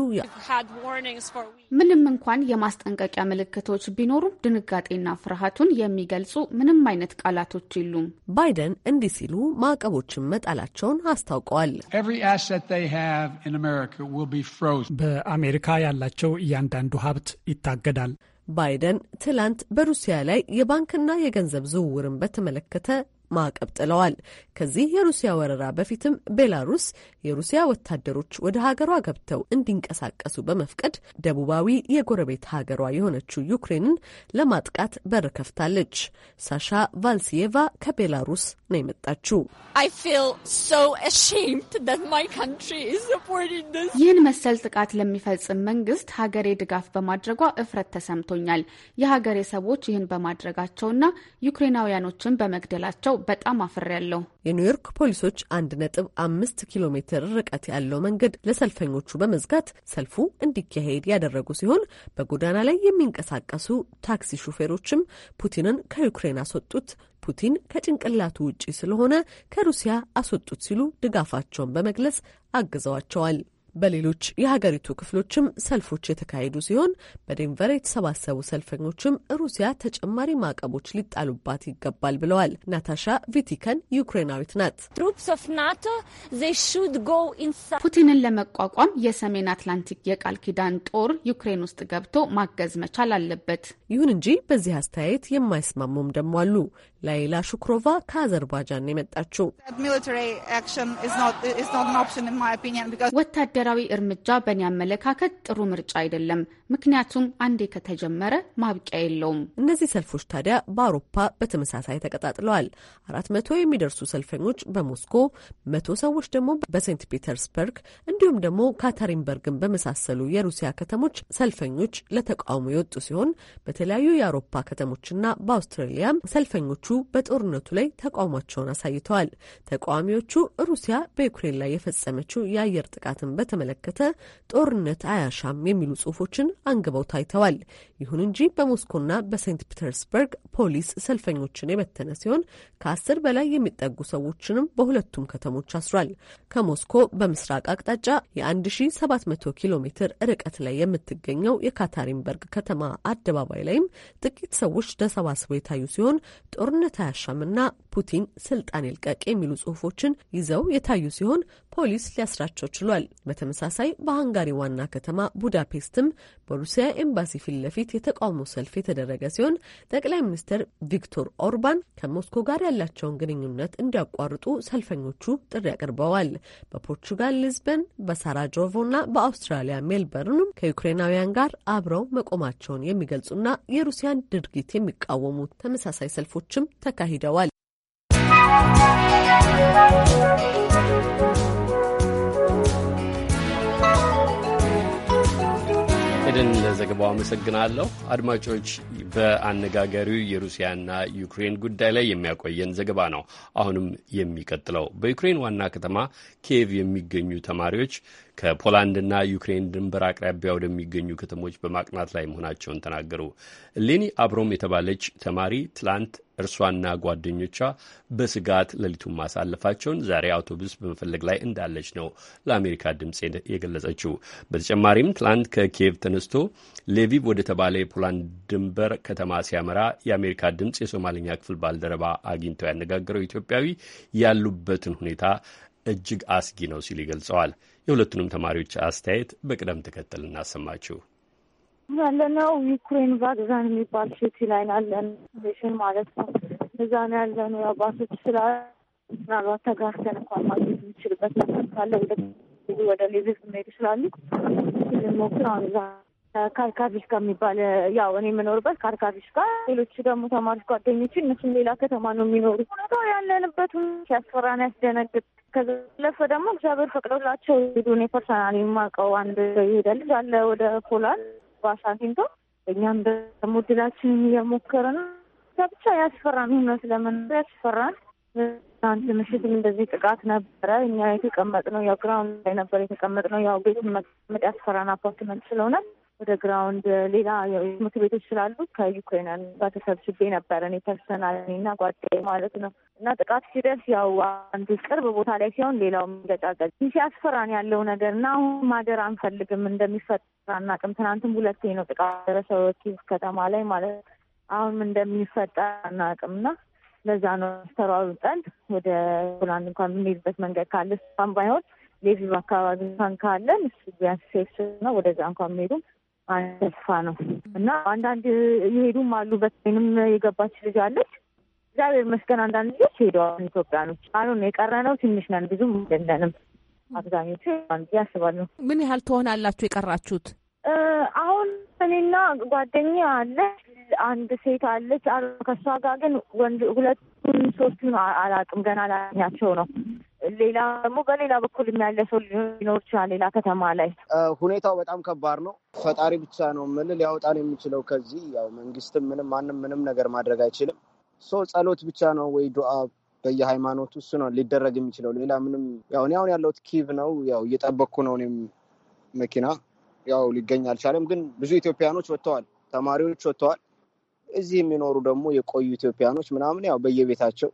[SPEAKER 4] ምንም እንኳን የማስጠንቀቂያ ምልክቶች ቢኖሩም ድንጋጤና ፍርሃቱን
[SPEAKER 7] የሚገልጹ ምንም አይነት ቃላቶች የሉም። ባይደን እንዲህ ሲሉ ማዕቀቦችን መጣላቸውን አስታውቀዋል። በአሜሪካ ያላቸው እያንዳንዱ ሀብት ይታገዳል። ባይደን ትላንት በሩሲያ ላይ የባንክና የገንዘብ ዝውውርን በተመለከተ ማዕቀብ ጥለዋል። ከዚህ የሩሲያ ወረራ በፊትም ቤላሩስ የሩሲያ ወታደሮች ወደ ሀገሯ ገብተው እንዲንቀሳቀሱ በመፍቀድ ደቡባዊ የጎረቤት ሀገሯ የሆነችው ዩክሬንን ለማጥቃት በር ከፍታለች። ሳሻ ቫልሲየቫ ከቤላሩስ ነው የመጣችው። ይህን መሰል ጥቃት ለሚፈጽም
[SPEAKER 4] መንግስት ሀገሬ ድጋፍ በማድረጓ እፍረት ተሰምቶኛል። የሀገሬ ሰዎች ይህን በማድረጋቸውና
[SPEAKER 7] ዩክሬናውያኖችን
[SPEAKER 4] በመግደላቸው በጣም አፍሬያለሁ።
[SPEAKER 7] የኒውዮርክ ፖሊሶች አንድ ነጥብ አምስት ኪሎ ሜትር ርቀት ያለው መንገድ ለሰልፈኞቹ በመዝጋት ሰልፉ እንዲካሄድ ያደረጉ ሲሆን በጎዳና ላይ የሚንቀሳቀሱ ታክሲ ሹፌሮችም ፑቲንን ከዩክሬን አስወጡት ፑቲን ከጭንቅላቱ ውጪ ስለሆነ ከሩሲያ አስወጡት ሲሉ ድጋፋቸውን በመግለጽ አግዘዋቸዋል። በሌሎች የሀገሪቱ ክፍሎችም ሰልፎች የተካሄዱ ሲሆን በዴንቨር የተሰባሰቡ ሰልፈኞችም ሩሲያ ተጨማሪ ማዕቀቦች ሊጣሉባት ይገባል ብለዋል። ናታሻ ቪቲከን ዩክሬናዊት ናት።
[SPEAKER 4] ፑቲንን ለመቋቋም የሰሜን አትላንቲክ የቃል ኪዳን
[SPEAKER 7] ጦር ዩክሬን ውስጥ ገብቶ ማገዝ መቻል አለበት። ይሁን እንጂ በዚህ አስተያየት የማይስማሙም ደግሞ አሉ። ላይላ ሹክሮቫ ከአዘርባጃን የመጣችው
[SPEAKER 4] ወታደራዊ እርምጃ በእኔ አመለካከት ጥሩ
[SPEAKER 7] ምርጫ አይደለም። ምክንያቱም አንዴ ከተጀመረ ማብቂያ የለውም። እነዚህ ሰልፎች ታዲያ በአውሮፓ በተመሳሳይ ተቀጣጥለዋል። አራት መቶ የሚደርሱ ሰልፈኞች በሞስኮ መቶ ሰዎች ደግሞ በሴንት ፒተርስበርግ እንዲሁም ደግሞ ካተሪንበርግን በመሳሰሉ የሩሲያ ከተሞች ሰልፈኞች ለተቃውሞ የወጡ ሲሆን በተለያዩ የአውሮፓ ከተሞችና በአውስትራሊያም ሰልፈኞቹ በጦርነቱ ላይ ተቃውሟቸውን አሳይተዋል። ተቃዋሚዎቹ ሩሲያ በዩክሬን ላይ የፈጸመችው የአየር ጥቃትን በተመለከተ ጦርነት አያሻም የሚሉ ጽሑፎችን አንግበው ታይተዋል። ይሁን እንጂ በሞስኮና በሴንት ፒተርስበርግ ፖሊስ ሰልፈኞችን የበተነ ሲሆን ከአስር በላይ የሚጠጉ ሰዎችንም በሁለቱም ከተሞች አስሯል። ከሞስኮ በምስራቅ አቅጣጫ የ1700 ኪሎ ሜትር ርቀት ላይ የምትገኘው የካታሪንበርግ ከተማ አደባባይ ላይም ጥቂት ሰዎች ተሰባስበው የታዩ ሲሆን ጦርነት አያሻምና ፑቲን ስልጣን ይልቀቅ የሚሉ ጽሁፎችን ይዘው የታዩ ሲሆን ፖሊስ ሊያስራቸው ችሏል። በተመሳሳይ በሃንጋሪ ዋና ከተማ ቡዳፔስትም በ በሩሲያ ኤምባሲ ፊት ለፊት የተቃውሞ ሰልፍ የተደረገ ሲሆን ጠቅላይ ሚኒስትር ቪክቶር ኦርባን ከሞስኮ ጋር ያላቸውን ግንኙነት እንዲያቋርጡ ሰልፈኞቹ ጥሪ አቅርበዋል። በፖርቹጋል ሊዝበን፣ እና በአውስትራሊያ ሜልበርንም ከዩክሬናውያን ጋር አብረው መቆማቸውን የሚገልጹና የሩሲያን ድርጊት የሚቃወሙ ተመሳሳይ ሰልፎችም ተካሂደዋል።
[SPEAKER 1] መስፍንን ለዘገባው አመሰግናለሁ። አድማጮች፣ በአነጋጋሪው የሩሲያና ዩክሬን ጉዳይ ላይ የሚያቆየን ዘገባ ነው አሁንም የሚቀጥለው። በዩክሬን ዋና ከተማ ኪየቭ የሚገኙ ተማሪዎች ከፖላንድና ዩክሬን ድንበር አቅራቢያ ወደሚገኙ ከተሞች በማቅናት ላይ መሆናቸውን ተናገሩ። ሌኒ አብሮም የተባለች ተማሪ ትላንት እርሷና ጓደኞቿ በስጋት ሌሊቱን ማሳለፋቸውን ዛሬ አውቶቡስ በመፈለግ ላይ እንዳለች ነው ለአሜሪካ ድምፅ የገለጸችው። በተጨማሪም ትላንት ከኪየቭ ተነስቶ ሌቪቭ ወደ ተባለ የፖላንድ ድንበር ከተማ ሲያመራ የአሜሪካ ድምፅ የሶማሊኛ ክፍል ባልደረባ አግኝተው ያነጋገረው ኢትዮጵያዊ ያሉበትን ሁኔታ እጅግ አስጊ ነው ሲል ይገልጸዋል። የሁለቱንም ተማሪዎች አስተያየት በቅደም ተከተል እናሰማችሁ።
[SPEAKER 8] ያለነው ዩክሬን ቫግዛን የሚባል ሲቲ ላይ ያለን ሽን ማለት ነው። እዛ ነው ያለነው። ያው ስላ ምናልባት ተጋርተን እንኳን ማግኘት የምችልበት ካለ ወደ ሌቪቭ መሄድ ይችላሉ። ሞክራ ዛ ካርካቪሽ ጋር የሚባል ያው እኔ የምኖርበት ካርካቪስ ጋር ሌሎቹ ደግሞ ተማሪዎች ጓደኞች እነሱም ሌላ ከተማ ነው የሚኖሩ። ሁኔታው ያለንበት ሲያስፈራን ያስደነግጥ። ከዛ ባለፈ ደግሞ እግዚአብሔር ፈቅዶላቸው ሄዱ። እኔ ፐርሰናል የማውቀው አንድ ይሄዳል አለ ወደ ፖላንድ በአሳንቲንቶ እኛም ደግሞ ድላችንን እየሞከርን ብቻ ያስፈራን። እውነት ለምን ያስፈራን? አንድ ምሽትም እንደዚህ ጥቃት ነበረ። እኛ የተቀመጥነው ያው ግራውንድ ላይ ነበር የተቀመጥነው። ያው ቤት መቀመጥ ያስፈራን አፓርትመንት ስለሆነ ወደ ግራውንድ ሌላ ትምህርት ቤቶች ስላሉ ከዩክሬናን ጋር ተሰብስቤ ነበር። እኔ ፐርሰናል እና ጓደኛዬ ማለት ነው። እና ጥቃት ሲደርስ ያው አንዱ ቅርብ ቦታ ላይ ሲሆን ሌላው የሚገጫገጭ ሲያስፈራን ያለው ነገር እና አሁን ማደር አንፈልግም እንደሚፈጠር አናውቅም። ትናንትም ሁለቴ ነው ጥቃት ደረሰው ኪቭ ከተማ ላይ ማለት ነው። አሁንም እንደሚፈጠር አናውቅም እና ለዛ ነው አስተሯሩጠን ወደ ሆላንድ እንኳን የምንሄድበት መንገድ ካለ እሷም ባይሆን ሌቪቭ አካባቢ እንኳን ካለን እሱ ቢያንስ ሴፍ ነው። ወደዛ እንኳን የምሄዱም ተስፋ ነው እና አንዳንድ የሄዱም አሉ። በተለይም የገባች ልጅ አለች። እግዚአብሔር ይመስገን አንዳንድ ልጆች ሄደዋል። ኢትዮጵያኖች አሁን የቀረ ነው ትንሽ ነን፣ ብዙም አይደለንም። አብዛኞቹ ብዬ አስባለሁ። ምን ያህል ትሆናላችሁ የቀራችሁት? አሁን እኔና ጓደኛ አለች፣ አንድ ሴት አለች። ከእሷ ጋር ግን ወንድ ሁለት ሶስቱን አላውቅም ገና አላገኛቸው ነው። ሌላ ደግሞ በሌላ በኩል ያለ ሰው ሊኖር ይችላል። ሌላ ከተማ ላይ
[SPEAKER 9] ሁኔታው በጣም ከባድ ነው። ፈጣሪ ብቻ ነው ምል ሊያወጣን የሚችለው ከዚህ ያው መንግስትም ምንም ማንም ምንም ነገር ማድረግ አይችልም። ሶ ጸሎት ብቻ ነው ወይ ዱአ በየሃይማኖቱ እሱ ነው ሊደረግ የሚችለው። ሌላ ምንም ያው እኔ አሁን ያለሁት ኪቭ ነው። ያው እየጠበቅኩ ነው እኔም መኪና ያው ሊገኝ አልቻለም። ግን ብዙ ኢትዮጵያኖች ወጥተዋል፣ ተማሪዎች ወጥተዋል። እዚህ የሚኖሩ ደግሞ የቆዩ ኢትዮጵያኖች ምናምን ያው በየቤታቸው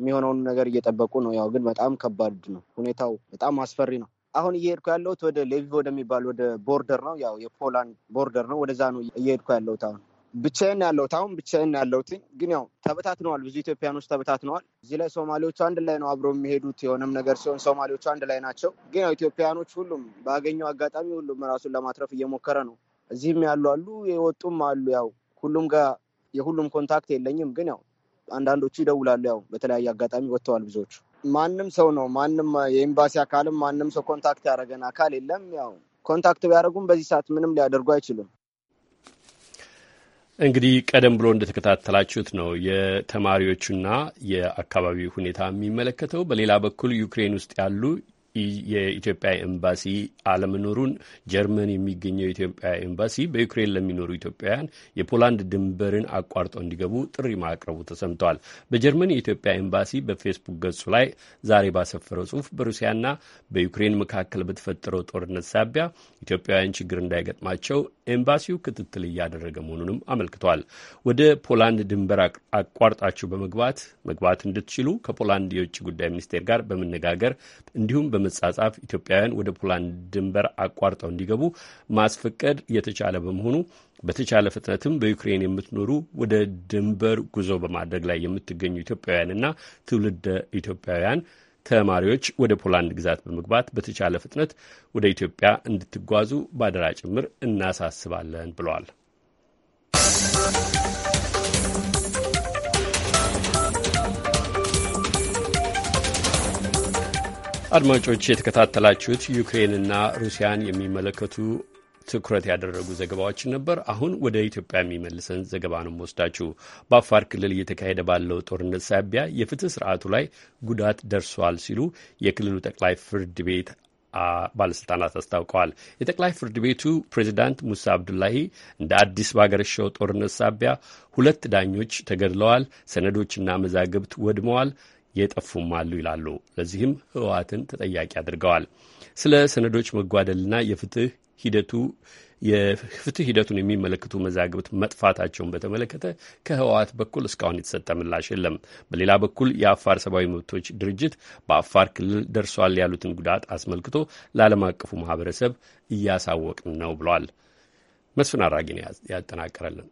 [SPEAKER 9] የሚሆነውን ነገር እየጠበቁ ነው። ያው ግን በጣም ከባድ ነው ሁኔታው፣ በጣም አስፈሪ ነው። አሁን እየሄድኩ ያለሁት ወደ ሌቪቭ ወደሚባል ወደ ቦርደር ነው፣ ያው የፖላንድ ቦርደር ነው። ወደዛ ነው እየሄድኩ ያለሁት አሁን ብቻዬን ያለሁት አሁን ብቻዬን ያለሁት ግን ያው ተበታትነዋል። ብዙ ኢትዮጵያኖች ተበታትነዋል። እዚህ ላይ ሶማሌዎቹ አንድ ላይ ነው አብረው የሚሄዱት የሆነም ነገር ሲሆን ሶማሌዎቹ አንድ ላይ ናቸው። ግን ያው ኢትዮጵያኖች ሁሉም ባገኘው አጋጣሚ ሁሉም ራሱን ለማትረፍ እየሞከረ ነው። እዚህም ያሉ አሉ፣ የወጡም አሉ። ያው ሁሉም ጋር የሁሉም ኮንታክት የለኝም፣ ግን ያው አንዳንዶቹ ይደውላሉ። ያው በተለያየ አጋጣሚ ወጥተዋል ብዙዎቹ። ማንም ሰው ነው ማንም የኤምባሲ አካልም ማንም ሰው ኮንታክት ያደረገን አካል የለም። ያው ኮንታክት ቢያደርጉም በዚህ ሰዓት ምንም ሊያደርጉ አይችሉም።
[SPEAKER 1] እንግዲህ ቀደም ብሎ እንደተከታተላችሁት ነው የተማሪዎቹና የአካባቢው ሁኔታ የሚመለከተው። በሌላ በኩል ዩክሬን ውስጥ ያሉ የኢትዮጵያ ኤምባሲ አለመኖሩን ጀርመን የሚገኘው የኢትዮጵያ ኤምባሲ በዩክሬን ለሚኖሩ ኢትዮጵያውያን የፖላንድ ድንበርን አቋርጠው እንዲገቡ ጥሪ ማቅረቡ ተሰምተዋል። በጀርመን የኢትዮጵያ ኤምባሲ በፌስቡክ ገጹ ላይ ዛሬ ባሰፈረው ጽሁፍ በሩሲያና በዩክሬን መካከል በተፈጠረው ጦርነት ሳቢያ ኢትዮጵያውያን ችግር እንዳይገጥማቸው ኤምባሲው ክትትል እያደረገ መሆኑንም አመልክቷል። ወደ ፖላንድ ድንበር አቋርጣችሁ በመግባት መግባት እንድትችሉ ከፖላንድ የውጭ ጉዳይ ሚኒስቴር ጋር በመነጋገር እንዲሁም በመጻጻፍ ኢትዮጵያውያን ወደ ፖላንድ ድንበር አቋርጠው እንዲገቡ ማስፈቀድ የተቻለ በመሆኑ በተቻለ ፍጥነትም በዩክሬን የምትኖሩ ወደ ድንበር ጉዞ በማድረግ ላይ የምትገኙ ኢትዮጵያውያንና ትውልደ ኢትዮጵያውያን ተማሪዎች ወደ ፖላንድ ግዛት በመግባት በተቻለ ፍጥነት ወደ ኢትዮጵያ እንድትጓዙ ባደራ ጭምር እናሳስባለን ብለዋል። አድማጮች የተከታተላችሁት ዩክሬንና ሩሲያን የሚመለከቱ ትኩረት ያደረጉ ዘገባዎችን ነበር። አሁን ወደ ኢትዮጵያ የሚመልሰን ዘገባ ነው ወስዳችሁ። በአፋር ክልል እየተካሄደ ባለው ጦርነት ሳቢያ የፍትህ ስርዓቱ ላይ ጉዳት ደርሷል ሲሉ የክልሉ ጠቅላይ ፍርድ ቤት ባለስልጣናት አስታውቀዋል። የጠቅላይ ፍርድ ቤቱ ፕሬዚዳንት ሙሳ አብዱላሂ እንደ አዲስ ባገረሸው ጦርነት ሳቢያ ሁለት ዳኞች ተገድለዋል፣ ሰነዶችና መዛግብት ወድመዋል፣ የጠፉም አሉ ይላሉ። ለዚህም ህወሓትን ተጠያቂ አድርገዋል። ስለ ሰነዶች መጓደልና የፍትህ ሂደቱ የፍትህ ሂደቱን የሚመለከቱ መዛግብት መጥፋታቸውን በተመለከተ ከህወሓት በኩል እስካሁን የተሰጠ ምላሽ የለም። በሌላ በኩል የአፋር ሰብአዊ መብቶች ድርጅት በአፋር ክልል ደርሷል ያሉትን ጉዳት አስመልክቶ ለዓለም አቀፉ ማህበረሰብ እያሳወቅን ነው ብሏል። መስፍን አራጊን ያጠናቀረልን።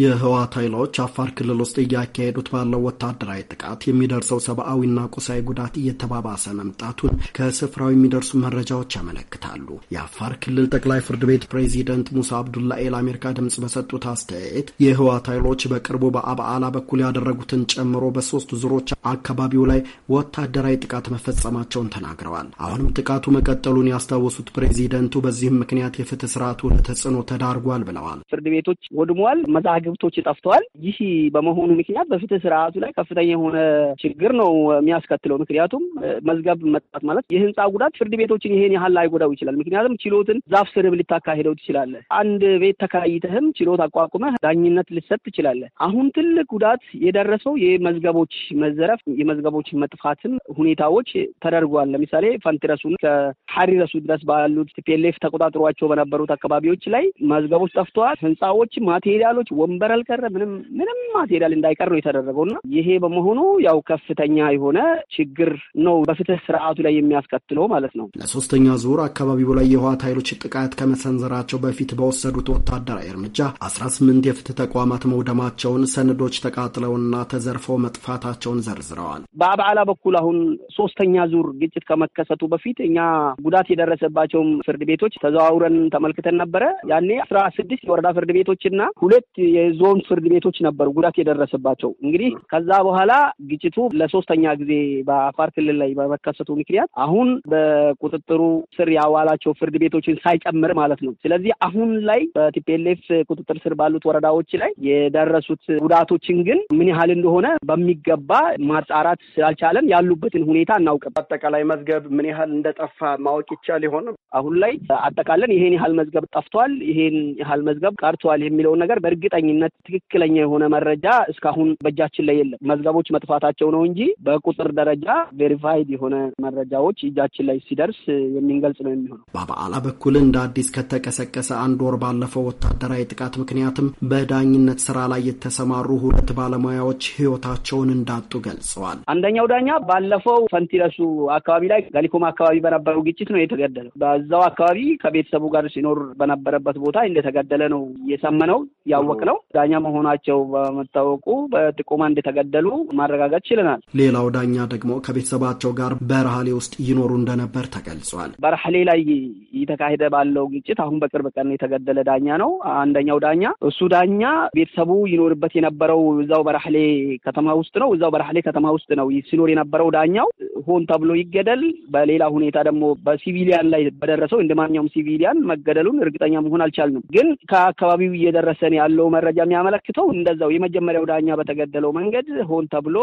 [SPEAKER 10] የህወሓት ኃይሎች አፋር ክልል ውስጥ እያካሄዱት ባለው ወታደራዊ ጥቃት የሚደርሰው ሰብአዊና ቁሳዊ ጉዳት እየተባባሰ መምጣቱን ከስፍራው የሚደርሱ መረጃዎች ያመለክታሉ። የአፋር ክልል ጠቅላይ ፍርድ ቤት ፕሬዚደንት ሙሳ አብዱላኤ ለአሜሪካ ድምፅ በሰጡት አስተያየት የህወሓት ኃይሎች በቅርቡ በአብዓላ በኩል ያደረጉትን ጨምሮ በሶስት ዙሮች አካባቢው ላይ ወታደራዊ ጥቃት መፈጸማቸውን ተናግረዋል። አሁንም ጥቃቱ መቀጠሉን ያስታወሱት ፕሬዚደንቱ በዚህም ምክንያት የፍትህ ስርዓቱ ለተጽዕኖ ተዳርጓል ብለዋል።
[SPEAKER 11] ፍርድ ቤቶች ወድሟል ግብቶች ጠፍተዋል። ይህ በመሆኑ ምክንያት በፍትህ ስርዓቱ ላይ ከፍተኛ የሆነ ችግር ነው የሚያስከትለው። ምክንያቱም መዝገብ መጣት ማለት የህንፃ ጉዳት ፍርድ ቤቶችን ይሄን ያህል ላይጎዳው ይችላል። ምክንያቱም ችሎትን ዛፍ ስርብ ልታካሄደው ትችላለህ። አንድ ቤት ተከራይተህም ችሎት አቋቁመህ ዳኝነት ልትሰጥ ትችላለህ። አሁን ትልቅ ጉዳት የደረሰው የመዝገቦች መዘረፍ፣ የመዝገቦች መጥፋትም ሁኔታዎች ተደርጓል። ለምሳሌ ፈንትረሱን ከሀሪረሱ ድረስ ባሉት ቲፒኤልኤፍ ተቆጣጥሯቸው በነበሩት አካባቢዎች ላይ መዝገቦች ጠፍተዋል። ህንፃዎች፣ ማቴሪያሎች፣ ወ ወንበር አልቀረ ምንም ምንም ማቴሪያል እንዳይቀር ነው የተደረገው እና ይሄ በመሆኑ ያው ከፍተኛ የሆነ ችግር ነው በፍትህ ስርዓቱ ላይ የሚያስከትለው ማለት ነው።
[SPEAKER 10] ለሶስተኛ ዙር አካባቢው ላይ የህወሓት ኃይሎች ጥቃት ከመሰንዘራቸው በፊት በወሰዱት ወታደራዊ እርምጃ አስራ ስምንት የፍትህ ተቋማት መውደማቸውን፣ ሰነዶች ተቃጥለውና ተዘርፈው መጥፋታቸውን ዘርዝረዋል።
[SPEAKER 11] በአብዓላ በኩል አሁን ሶስተኛ ዙር ግጭት ከመከሰቱ በፊት እኛ ጉዳት የደረሰባቸውም ፍርድ ቤቶች ተዘዋውረን ተመልክተን ነበረ። ያኔ አስራ ስድስት የወረዳ ፍርድ ቤቶችና ሁለት የዞን ፍርድ ቤቶች ነበሩ ጉዳት የደረሰባቸው። እንግዲህ ከዛ በኋላ ግጭቱ ለሶስተኛ ጊዜ በአፋር ክልል ላይ በመከሰቱ ምክንያት አሁን በቁጥጥሩ ስር ያዋላቸው ፍርድ ቤቶችን ሳይጨምር ማለት ነው። ስለዚህ አሁን ላይ በቲፒኤልኤፍ ቁጥጥር ስር ባሉት ወረዳዎች ላይ የደረሱት ጉዳቶችን ግን ምን ያህል እንደሆነ በሚገባ ማጣራት ስላልቻለን ያሉበትን ሁኔታ እናውቅም። አጠቃላይ መዝገብ ምን ያህል እንደጠፋ ማወቅ ይቻል ይሆን? አሁን ላይ አጠቃለን ይሄን ያህል መዝገብ ጠፍቷል፣ ይሄን ያህል መዝገብ ቀርቷል የሚለውን ነገር በእርግጠኝ በእርግጠኝነት ትክክለኛ የሆነ መረጃ እስካሁን በእጃችን ላይ የለም። መዝገቦች መጥፋታቸው ነው እንጂ በቁጥር ደረጃ ቬሪፋይድ የሆነ መረጃዎች እጃችን ላይ ሲደርስ የሚንገልጽ ነው የሚሆነው።
[SPEAKER 10] በበዓላ በኩል እንደ አዲስ ከተቀሰቀሰ አንድ ወር ባለፈው ወታደራዊ ጥቃት ምክንያትም በዳኝነት ስራ ላይ የተሰማሩ ሁለት ባለሙያዎች ህይወታቸውን እንዳጡ ገልጸዋል።
[SPEAKER 11] አንደኛው ዳኛ ባለፈው ፈንቲረሱ አካባቢ ላይ ገሊኮማ አካባቢ በነበረው ግጭት ነው የተገደለው። በዛው አካባቢ ከቤተሰቡ ጋር ሲኖር በነበረበት ቦታ እንደተገደለ ነው ያወቅ ነው። ዳኛ መሆናቸው በመታወቁ በጥቆማ እንደተገደሉ ማረጋገጥ ችለናል።
[SPEAKER 10] ሌላው ዳኛ ደግሞ ከቤተሰባቸው ጋር በረሃሌ ውስጥ ይኖሩ እንደነበር ተገልጿል።
[SPEAKER 11] በረሃሌ ላይ እየተካሄደ ባለው ግጭት አሁን በቅርብ ቀን የተገደለ ዳኛ ነው። አንደኛው ዳኛ እሱ ዳኛ ቤተሰቡ ይኖርበት የነበረው እዛው በረሃሌ ከተማ ውስጥ ነው። እዛው በረሃሌ ከተማ ውስጥ ነው ሲኖር የነበረው ዳኛው ሆን ተብሎ ይገደል፣ በሌላ ሁኔታ ደግሞ በሲቪሊያን ላይ በደረሰው እንደማንኛውም ሲቪሊያን መገደሉን እርግጠኛ መሆን አልቻልንም። ግን ከአካባቢው እየደረሰን ያለው መረጃ የሚያመለክተው እንደዛው የመጀመሪያው ዳኛ በተገደለው መንገድ ሆን ተብሎ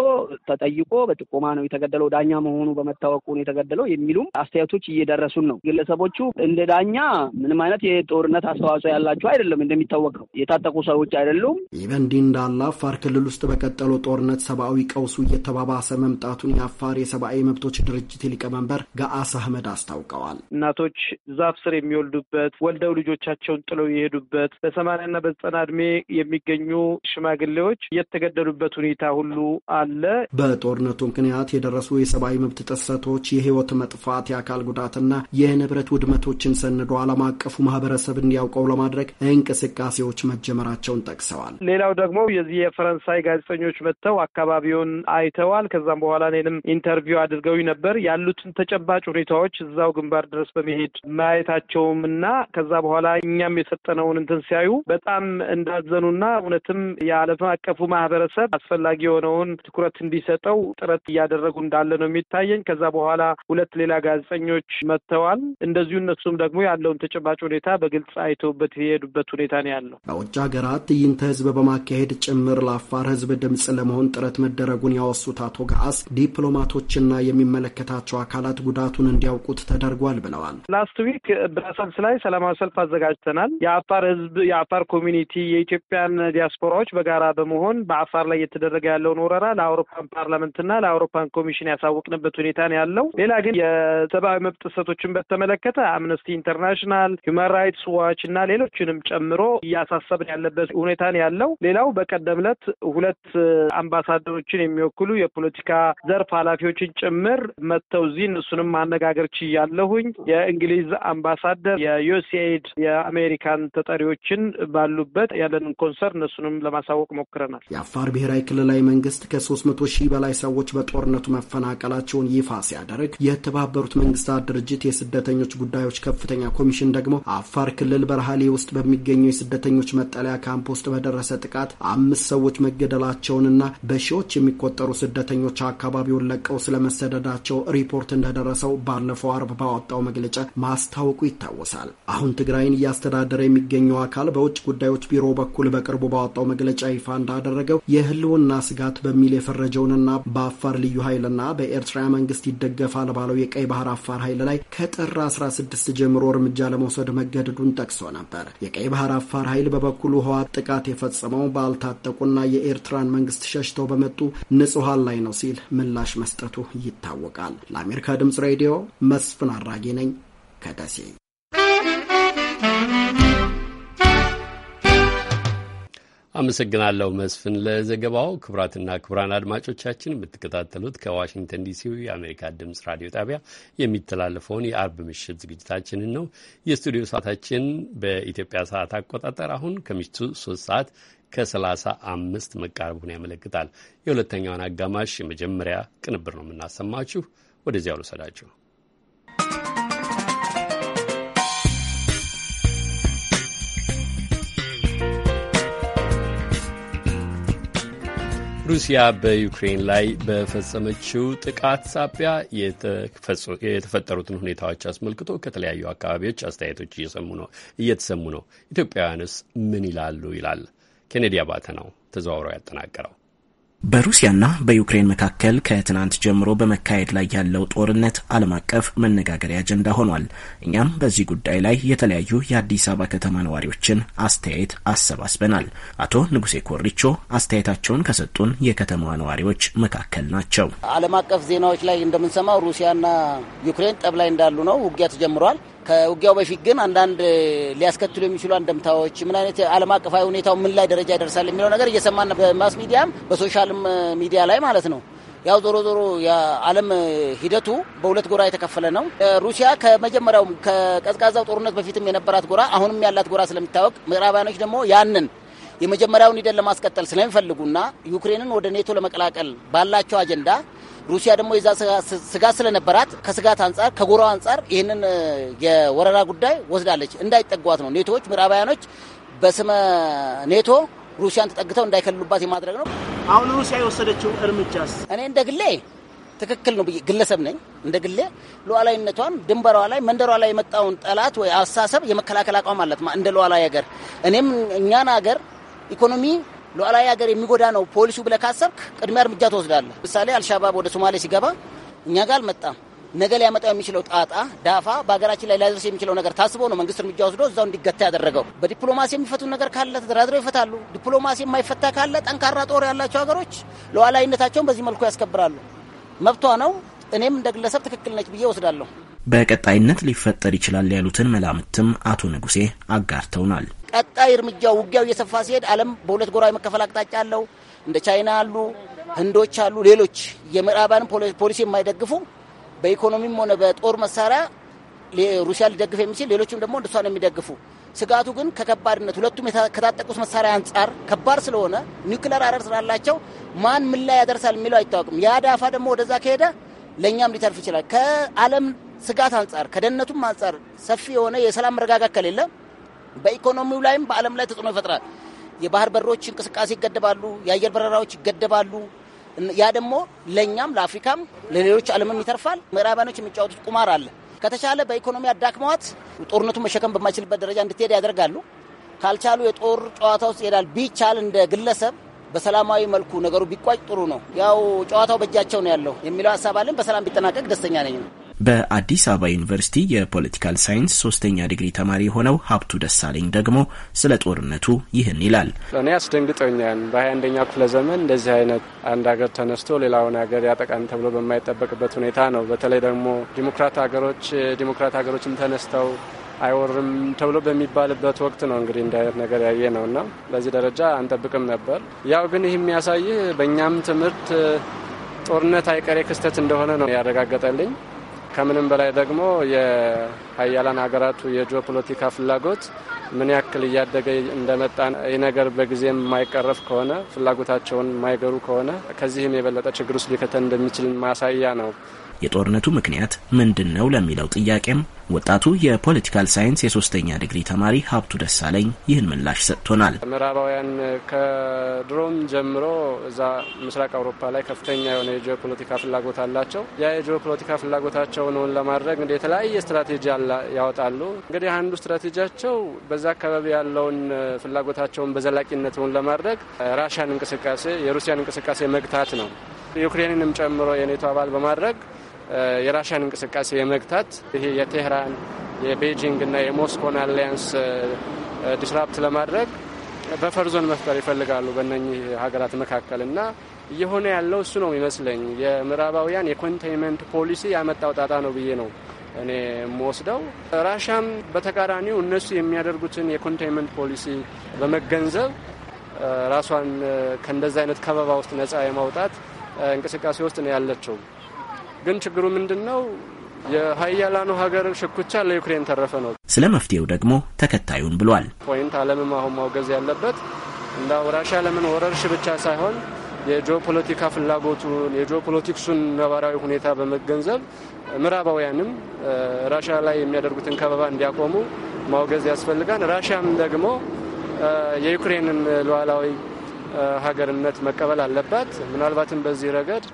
[SPEAKER 11] ተጠይቆ በጥቆማ ነው የተገደለው ዳኛ መሆኑ በመታወቁ ነው የተገደለው የሚሉም አስተያየቶች እየደረሱን ነው። ግለሰቦቹ እንደ ዳኛ ምንም አይነት የጦርነት አስተዋጽኦ ያላቸው አይደለም፣ እንደሚታወቀው የታጠቁ ሰዎች አይደሉም።
[SPEAKER 10] ይህ እንዲህ እንዳለ አፋር ክልል ውስጥ በቀጠለው ጦርነት ሰብአዊ ቀውሱ እየተባባሰ መምጣቱን የአፋር የሰብአዊ መብቶች ድርጅት ሊቀመንበር ገአስ አህመድ አስታውቀዋል።
[SPEAKER 12] እናቶች ዛፍ ስር የሚወልዱበት ወልደው ልጆቻቸውን ጥለው የሄዱበት በሰማንያና በዘጠና እድሜ የሚገኙ ሽማግሌዎች የተገደሉበት ሁኔታ ሁሉ አለ።
[SPEAKER 10] በጦርነቱ ምክንያት የደረሱ የሰብአዊ መብት ጥሰቶች፣ የህይወት መጥፋት፣ የአካል ጉዳትና የንብረት ውድመቶችን ሰንዶ ዓለም አቀፉ ማህበረሰብ እንዲያውቀው ለማድረግ እንቅስቃሴዎች መጀመራቸውን ጠቅሰዋል።
[SPEAKER 12] ሌላው ደግሞ የዚህ የፈረንሳይ ጋዜጠኞች መጥተው አካባቢውን አይተዋል። ከዛም በኋላ እኔንም ኢንተርቪው አድርገው ነበር። ያሉትን ተጨባጭ ሁኔታዎች እዛው ግንባር ድረስ በመሄድ ማየታቸውም እና ከዛ በኋላ እኛም የሰጠነውን እንትን ሲያዩ በጣም እንዳዘ እንዲያጠኑና እውነትም የዓለም አቀፉ ማህበረሰብ አስፈላጊ የሆነውን ትኩረት እንዲሰጠው ጥረት እያደረጉ እንዳለ ነው የሚታየኝ። ከዛ በኋላ ሁለት ሌላ ጋዜጠኞች መጥተዋል። እንደዚሁ እነሱም ደግሞ ያለውን ተጨባጭ ሁኔታ በግልጽ አይተውበት የሄዱበት ሁኔታ ነው ያለው። በውጭ
[SPEAKER 10] ሀገራት ትዕይንተ ህዝብ በማካሄድ ጭምር ለአፋር ህዝብ ድምጽ ለመሆን ጥረት መደረጉን ያወሱት አቶ ገአስ ዲፕሎማቶችና የሚመለከታቸው አካላት ጉዳቱን እንዲያውቁት ተደርጓል ብለዋል።
[SPEAKER 12] ላስት ዊክ ብራሰልስ ላይ ሰላማዊ ሰልፍ አዘጋጅተናል። የአፋር ህዝብ የአፋር ኮሚኒቲ የኢትዮ የኢትዮጵያን ዲያስፖራዎች በጋራ በመሆን በአፋር ላይ እየተደረገ ያለውን ወረራ ለአውሮፓን ፓርላመንትና ለአውሮፓን ኮሚሽን ያሳወቅንበት ሁኔታ ነው ያለው። ሌላ ግን የሰብአዊ መብት ጥሰቶችን በተመለከተ አምነስቲ ኢንተርናሽናል፣ ሁማን ራይትስ ዋች እና ሌሎችንም ጨምሮ እያሳሰብን ያለበት ሁኔታ ነው ያለው። ሌላው በቀደም ዕለት ሁለት አምባሳደሮችን የሚወክሉ የፖለቲካ ዘርፍ ኃላፊዎችን ጭምር መጥተው እዚህ እነሱንም ማነጋገር ችያለሁኝ። የእንግሊዝ አምባሳደር የዩኤስኤድ የአሜሪካን ተጠሪዎችን ባሉበት ያለን ኮንሰርን እነሱንም ለማሳወቅ ሞክረናል። የአፋር
[SPEAKER 10] ብሔራዊ ክልላዊ መንግስት ከሶስት መቶ ሺህ በላይ ሰዎች በጦርነቱ መፈናቀላቸውን ይፋ ሲያደርግ የተባበሩት መንግስታት ድርጅት የስደተኞች ጉዳዮች ከፍተኛ ኮሚሽን ደግሞ አፋር ክልል በረሃሌ ውስጥ በሚገኘው የስደተኞች መጠለያ ካምፕ ውስጥ በደረሰ ጥቃት አምስት ሰዎች መገደላቸውንና በሺዎች የሚቆጠሩ ስደተኞች አካባቢውን ለቀው ስለመሰደዳቸው ሪፖርት እንደደረሰው ባለፈው አርብ ባወጣው መግለጫ ማስታወቁ ይታወሳል። አሁን ትግራይን እያስተዳደረ የሚገኘው አካል በውጭ ጉዳዮች ቢሮ በኩል በቅርቡ ባወጣው መግለጫ ይፋ እንዳደረገው የህልውና ስጋት በሚል የፈረጀውንና በአፋር ልዩ ኃይልና በኤርትራ መንግስት ይደገፋል ባለው የቀይ ባህር አፋር ኃይል ላይ ከጥር 16 ጀምሮ እርምጃ ለመውሰድ መገደዱን ጠቅሶ ነበር። የቀይ ባህር አፋር ኃይል በበኩሉ ህወሓት ጥቃት የፈጸመው ባልታጠቁና የኤርትራን መንግስት ሸሽተው በመጡ ንጹሐን ላይ ነው ሲል ምላሽ መስጠቱ ይታወቃል። ለአሜሪካ ድምጽ ሬዲዮ መስፍን አራጌ ነኝ ከደሴ
[SPEAKER 1] አመሰግናለሁ መስፍን ለዘገባው። ክቡራትና ክቡራን አድማጮቻችን የምትከታተሉት ከዋሽንግተን ዲሲው የአሜሪካ ድምፅ ራዲዮ ጣቢያ የሚተላለፈውን የአርብ ምሽት ዝግጅታችንን ነው። የስቱዲዮ ሰዓታችን በኢትዮጵያ ሰዓት አቆጣጠር አሁን ከምሽቱ ሶስት ሰዓት ከሰላሳ አምስት መቃረቡን ያመለክታል። የሁለተኛውን አጋማሽ የመጀመሪያ ቅንብር ነው የምናሰማችሁ። ወደዚያ ልውሰዳችሁ። ሩሲያ በዩክሬን ላይ በፈጸመችው ጥቃት ሳቢያ የተፈጠሩትን ሁኔታዎች አስመልክቶ ከተለያዩ አካባቢዎች አስተያየቶች እየተሰሙ ነው። ኢትዮጵያውያንስ ምን ይላሉ? ይላል ኬኔዲ አባተ ነው ተዘዋውረው ያጠናቀረው።
[SPEAKER 13] በሩሲያና በዩክሬን መካከል ከትናንት ጀምሮ በመካሄድ ላይ ያለው ጦርነት ዓለም አቀፍ መነጋገሪያ አጀንዳ ሆኗል። እኛም በዚህ ጉዳይ ላይ የተለያዩ የአዲስ አበባ ከተማ ነዋሪዎችን አስተያየት አሰባስበናል። አቶ ንጉሴ ኮሪቾ አስተያየታቸውን ከሰጡን የከተማዋ ነዋሪዎች መካከል ናቸው።
[SPEAKER 14] ዓለም አቀፍ ዜናዎች ላይ እንደምንሰማው ሩሲያና ዩክሬን ጠብ ላይ እንዳሉ ነው። ውጊያ ተጀምሯል። ከውጊያው በፊት ግን አንዳንድ ሊያስከትሉ የሚችሉ አንደምታዎች ምን አይነት ዓለም አቀፋዊ ሁኔታው ምን ላይ ደረጃ ይደርሳል የሚለው ነገር እየሰማን በማስ ሚዲያም በሶሻል ሚዲያ ላይ ማለት ነው። ያው ዞሮ ዞሮ የዓለም ሂደቱ በሁለት ጎራ የተከፈለ ነው። ሩሲያ ከመጀመሪያው ከቀዝቃዛው ጦርነት በፊትም የነበራት ጎራ፣ አሁንም ያላት ጎራ ስለሚታወቅ ምዕራባያኖች ደግሞ ያንን የመጀመሪያውን ሂደት ለማስቀጠል ስለሚፈልጉና ዩክሬንን ወደ ኔቶ ለመቀላቀል ባላቸው አጀንዳ ሩሲያ ደግሞ የዛ ስጋት ስለነበራት ከስጋት አንጻር ከጎራው አንጻር ይህንን የወረራ ጉዳይ ወስዳለች። እንዳይጠጓት ነው ኔቶዎች ምዕራባውያኖች በስመ ኔቶ ሩሲያን ተጠግተው እንዳይከልሉባት የማድረግ ነው። አሁን ሩሲያ የወሰደችው እርምጃስ እኔ እንደ ግሌ ትክክል ነው ብዬ ግለሰብ ነኝ። እንደ ግሌ ሉዓላዊነቷን ድንበሯ ላይ መንደሯ ላይ የመጣውን ጠላት ወይ አስተሳሰብ የመከላከል አቋም አላት እንደ ሉዓላዊ ሀገር እኔም እኛን ሀገር ኢኮኖሚ ሉዓላዊ ሀገር የሚጎዳ ነው ፖሊሱ ብለህ ካሰብክ ቅድሚያ እርምጃ ትወስዳለህ። ምሳሌ አልሻባብ ወደ ሶማሌ ሲገባ እኛ ጋር አልመጣም። ነገ ሊያመጣው የሚችለው ጣጣ ዳፋ በሀገራችን ላይ ሊያደርስ የሚችለው ነገር ታስቦ ነው መንግስት እርምጃ ወስዶ እዛው እንዲገታ ያደረገው። በዲፕሎማሲ የሚፈቱ ነገር ካለ ተደራድረው ይፈታሉ። ዲፕሎማሲ የማይፈታ ካለ ጠንካራ ጦር ያላቸው ሀገሮች ሉዓላዊነታቸውን በዚህ መልኩ ያስከብራሉ። መብቷ ነው። እኔም እንደ ግለሰብ ትክክል ነች ብዬ ወስዳለሁ።
[SPEAKER 13] በቀጣይነት ሊፈጠር ይችላል ያሉትን መላምትም አቶ ንጉሴ አጋርተውናል።
[SPEAKER 14] ቀጣይ እርምጃ ውጊያው እየሰፋ ሲሄድ ዓለም በሁለት ጎራ የመከፈል አቅጣጫ አለው። እንደ ቻይና አሉ፣ ህንዶች አሉ፣ ሌሎች የምዕራባን ፖሊሲ የማይደግፉ በኢኮኖሚም ሆነ በጦር መሳሪያ ሩሲያ ሊደግፍ የሚችል ሌሎችም ደግሞ ነው የሚደግፉ ስጋቱ ግን ከከባድነት ሁለቱም ከታጠቁት መሳሪያ አንጻር ከባድ ስለሆነ ኒውክለር አረር ስላላቸው ማን ምን ላይ ያደርሳል የሚለው አይታወቅም። ያ ዳፋ ደግሞ ወደዛ ከሄደ ለእኛም ሊተርፍ ይችላል። ከዓለም ስጋት አንጻር ከደህንነቱም አንጻር ሰፊ የሆነ የሰላም መረጋጋት ከሌለ በኢኮኖሚው ላይም በዓለም ላይ ተጽዕኖ ይፈጥራል። የባህር በሮች እንቅስቃሴ ይገደባሉ፣ የአየር በረራዎች ይገደባሉ። ያ ደግሞ ለእኛም ለአፍሪካም ለሌሎች ዓለምም ይተርፋል። ምዕራባኖች የሚጫወቱት ቁማር አለ። ከተቻለ በኢኮኖሚ አዳክመዋት ጦርነቱን መሸከም በማይችልበት ደረጃ እንድትሄድ ያደርጋሉ። ካልቻሉ የጦር ጨዋታ ውስጥ ይሄዳል። ቢቻል እንደ ግለሰብ በሰላማዊ መልኩ ነገሩ ቢቋጭ ጥሩ ነው። ያው ጨዋታው በእጃቸው ነው ያለው የሚለው ሀሳብ አለን። በሰላም ቢጠናቀቅ ደስተኛ ነኝ ነው
[SPEAKER 13] በአዲስ አበባ ዩኒቨርሲቲ የፖለቲካል ሳይንስ ሶስተኛ ዲግሪ ተማሪ የሆነው ሀብቱ ደሳለኝ ደግሞ ስለ ጦርነቱ ይህን ይላል።
[SPEAKER 15] እኔ አስደንግጦኛል። በሀያ አንደኛ ክፍለ ዘመን እንደዚህ አይነት አንድ ሀገር ተነስቶ ሌላውን ሀገር ያጠቃን ተብሎ በማይጠበቅበት ሁኔታ ነው። በተለይ ደግሞ ዲሞክራት ሀገሮች ዲሞክራት ሀገሮችም ተነስተው አይወርም ተብሎ በሚባልበት ወቅት ነው እንግዲህ እንዲህ አይነት ነገር ያየ ነው እና በዚህ ደረጃ አንጠብቅም ነበር። ያው ግን ይህ የሚያሳይህ በእኛም ትምህርት ጦርነት አይቀሬ ክስተት እንደሆነ ነው ያረጋገጠልኝ። ከምንም በላይ ደግሞ የሀያላን ሀገራቱ የጂኦ ፖለቲካ ፍላጎት ምን ያክል እያደገ እንደመጣ ይህ ነገር በጊዜ የማይቀረፍ ከሆነ ፍላጎታቸውን የማይገሩ ከሆነ ከዚህም የበለጠ ችግር ውስጥ ሊከተን እንደሚችል ማሳያ ነው።
[SPEAKER 13] የጦርነቱ ምክንያት ምንድን ነው ለሚለው ጥያቄም ወጣቱ የፖለቲካል ሳይንስ የሶስተኛ ዲግሪ ተማሪ ሀብቱ ደሳለኝ ይህን ምላሽ ሰጥቶናል።
[SPEAKER 15] ምዕራባውያን ከድሮም ጀምሮ እዛ ምስራቅ አውሮፓ ላይ ከፍተኛ የሆነ ፖለቲካ ፍላጎት አላቸው። ያ ፖለቲካ ፍላጎታቸውን እውን ለማድረግ እንደ የተለያየ ስትራቴጂ ያወጣሉ። እንግዲህ አንዱ ስትራቴጂያቸው በዛ አካባቢ ያለውን ፍላጎታቸውን በዘላቂነት እውን ለማድረግ ራሽያን እንቅስቃሴ፣ የሩሲያን እንቅስቃሴ መግታት ነው። ዩክሬንንም ጨምሮ የኔቶ አባል በማድረግ የራሽያን እንቅስቃሴ የመግታት ይሄ የቴህራን የቤጂንግ እና የሞስኮን አሊያንስ ዲስራፕት ለማድረግ በፈርዞን መፍጠር ይፈልጋሉ በእነኚህ ሀገራት መካከል እና እየሆነ ያለው እሱ ነው ይመስለኝ። የምዕራባውያን የኮንቴንመንት ፖሊሲ ያመጣው ጣጣ ነው ብዬ ነው እኔ የምወስደው። ራሻም በተቃራኒው እነሱ የሚያደርጉትን የኮንቴንመንት ፖሊሲ በመገንዘብ ራሷን ከእንደዚህ አይነት ከበባ ውስጥ ነጻ የማውጣት እንቅስቃሴ ውስጥ ነው ያለችው። ግን ችግሩ ምንድን ነው? የሀያላኑ ሀገር ሽኩቻ ለዩክሬን ተረፈ ነው።
[SPEAKER 13] ስለ መፍትሄው ደግሞ ተከታዩን ብሏል።
[SPEAKER 15] ፖይንት አለምም አሁን ማውገዝ ያለበት እንዳ ራሻ ለምን ወረርሽ ብቻ ሳይሆን የጂኦፖለቲካ ፍላጎቱን የጂኦፖለቲክሱን ነባራዊ ሁኔታ በመገንዘብ ምዕራባውያንም ራሻ ላይ የሚያደርጉትን ከበባ እንዲያቆሙ ማውገዝ ያስፈልጋል። ራሽያም ደግሞ የዩክሬንን ሉዓላዊ ሀገርነት መቀበል አለባት። ምናልባትም በዚህ ረገድ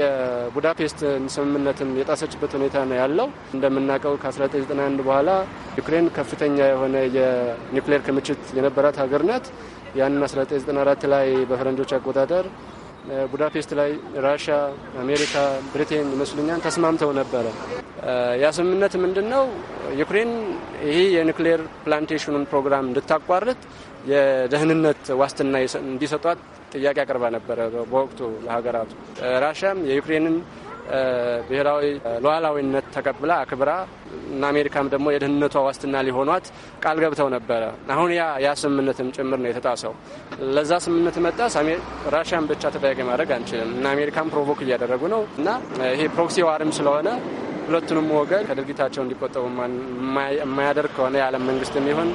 [SPEAKER 15] የቡዳፔስትን ስምምነትን የጣሰችበት ሁኔታ ነው ያለው። እንደምናውቀው ከ1991 በኋላ ዩክሬን ከፍተኛ የሆነ የኒውክሌር ክምችት የነበራት ሀገር ናት። ያንን 1994 ላይ በፈረንጆች አቆጣጠር ቡዳፔስት ላይ ራሽያ፣ አሜሪካ፣ ብሪቴን ይመስሉኛል ተስማምተው ነበረ። ያ ስምምነት ምንድን ነው? ዩክሬን ይህ የኒውክሌር ፕላንቴሽኑን ፕሮግራም እንድታቋርጥ የደህንነት ዋስትና እንዲሰጧት ጥያቄ አቅርባ ነበረ በወቅቱ ለሀገራቱ። ራሽያም የዩክሬንን ብሔራዊ ሉዓላዊነት ተቀብላ አክብራ እና አሜሪካም ደግሞ የደህንነቷ ዋስትና ሊሆኗት ቃል ገብተው ነበረ። አሁን ያ ያ ስምምነትም ጭምር ነው የተጣሰው። ለዛ ስምምነት መጣስ ራሽያን ብቻ ተጠያቂ ማድረግ አንችልም እና አሜሪካም ፕሮቮክ እያደረጉ ነው እና ይሄ ፕሮክሲ ዋርም ስለሆነ ሁለቱንም ወገን ከድርጊታቸው እንዲቆጠቡ የማያደርግ ከሆነ የዓለም መንግስትም ይሁን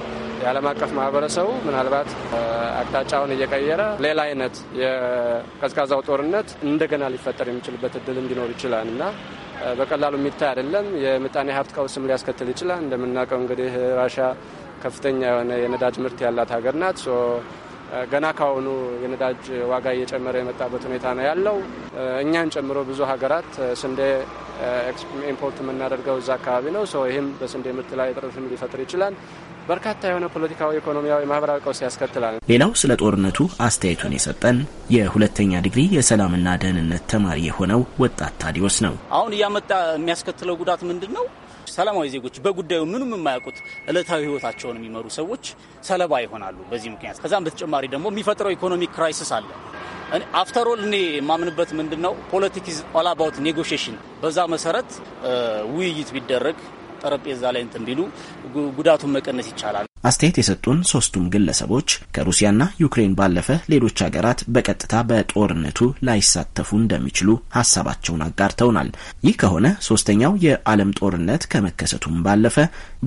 [SPEAKER 15] የዓለም አቀፍ ማህበረሰቡ ምናልባት አቅጣጫውን እየቀየረ ሌላ አይነት የቀዝቃዛው ጦርነት እንደገና ሊፈጠር የሚችልበት እድል እንዲኖር ይችላል እና በቀላሉ የሚታይ አይደለም። የምጣኔ ሀብት ቀውስም ሊያስከትል ይችላል። እንደምናውቀው እንግዲህ ራሻ ከፍተኛ የሆነ የነዳጅ ምርት ያላት ሀገር ናት። ገና ካሁኑ የነዳጅ ዋጋ እየጨመረ የመጣበት ሁኔታ ነው ያለው። እኛን ጨምሮ ብዙ ሀገራት ስንዴ ኢምፖርት የምናደርገው እዛ አካባቢ ነው። ይህም በስንዴ ምርት ላይ ጥርትም ሊፈጥር ይችላል። በርካታ የሆነ ፖለቲካዊ፣ ኢኮኖሚያዊ፣ ማህበራዊ ቀውስ ያስከትላል።
[SPEAKER 13] ሌላው ስለ ጦርነቱ አስተያየቱን የሰጠን የሁለተኛ ዲግሪ የሰላምና ደህንነት ተማሪ የሆነው ወጣት ታዲዮስ ነው።
[SPEAKER 14] አሁን እያመጣ የሚያስከትለው ጉዳት ምንድን ነው? ሰላማዊ ዜጎች በጉዳዩ ምንም የማያውቁት እለታዊ ህይወታቸውን የሚመሩ ሰዎች ሰለባ ይሆናሉ በዚህ ምክንያት። ከዛም በተጨማሪ ደግሞ የሚፈጥረው ኢኮኖሚክ ክራይሲስ አለ። አፍተር ኦል እኔ የማምንበት ምንድን ነው ፖለቲክስ ኦል አባውት ኔጎሽሽን። በዛ መሰረት ውይይት ቢደረግ ጠረጴዛ ላይ እንትን ቢሉ ጉዳቱን መቀነስ ይቻላል።
[SPEAKER 13] አስተያየት የሰጡን ሶስቱም ግለሰቦች ከሩሲያና ዩክሬን ባለፈ ሌሎች ሀገራት በቀጥታ በጦርነቱ ላይሳተፉ እንደሚችሉ ሀሳባቸውን አጋርተውናል። ይህ ከሆነ ሶስተኛው የዓለም ጦርነት ከመከሰቱም ባለፈ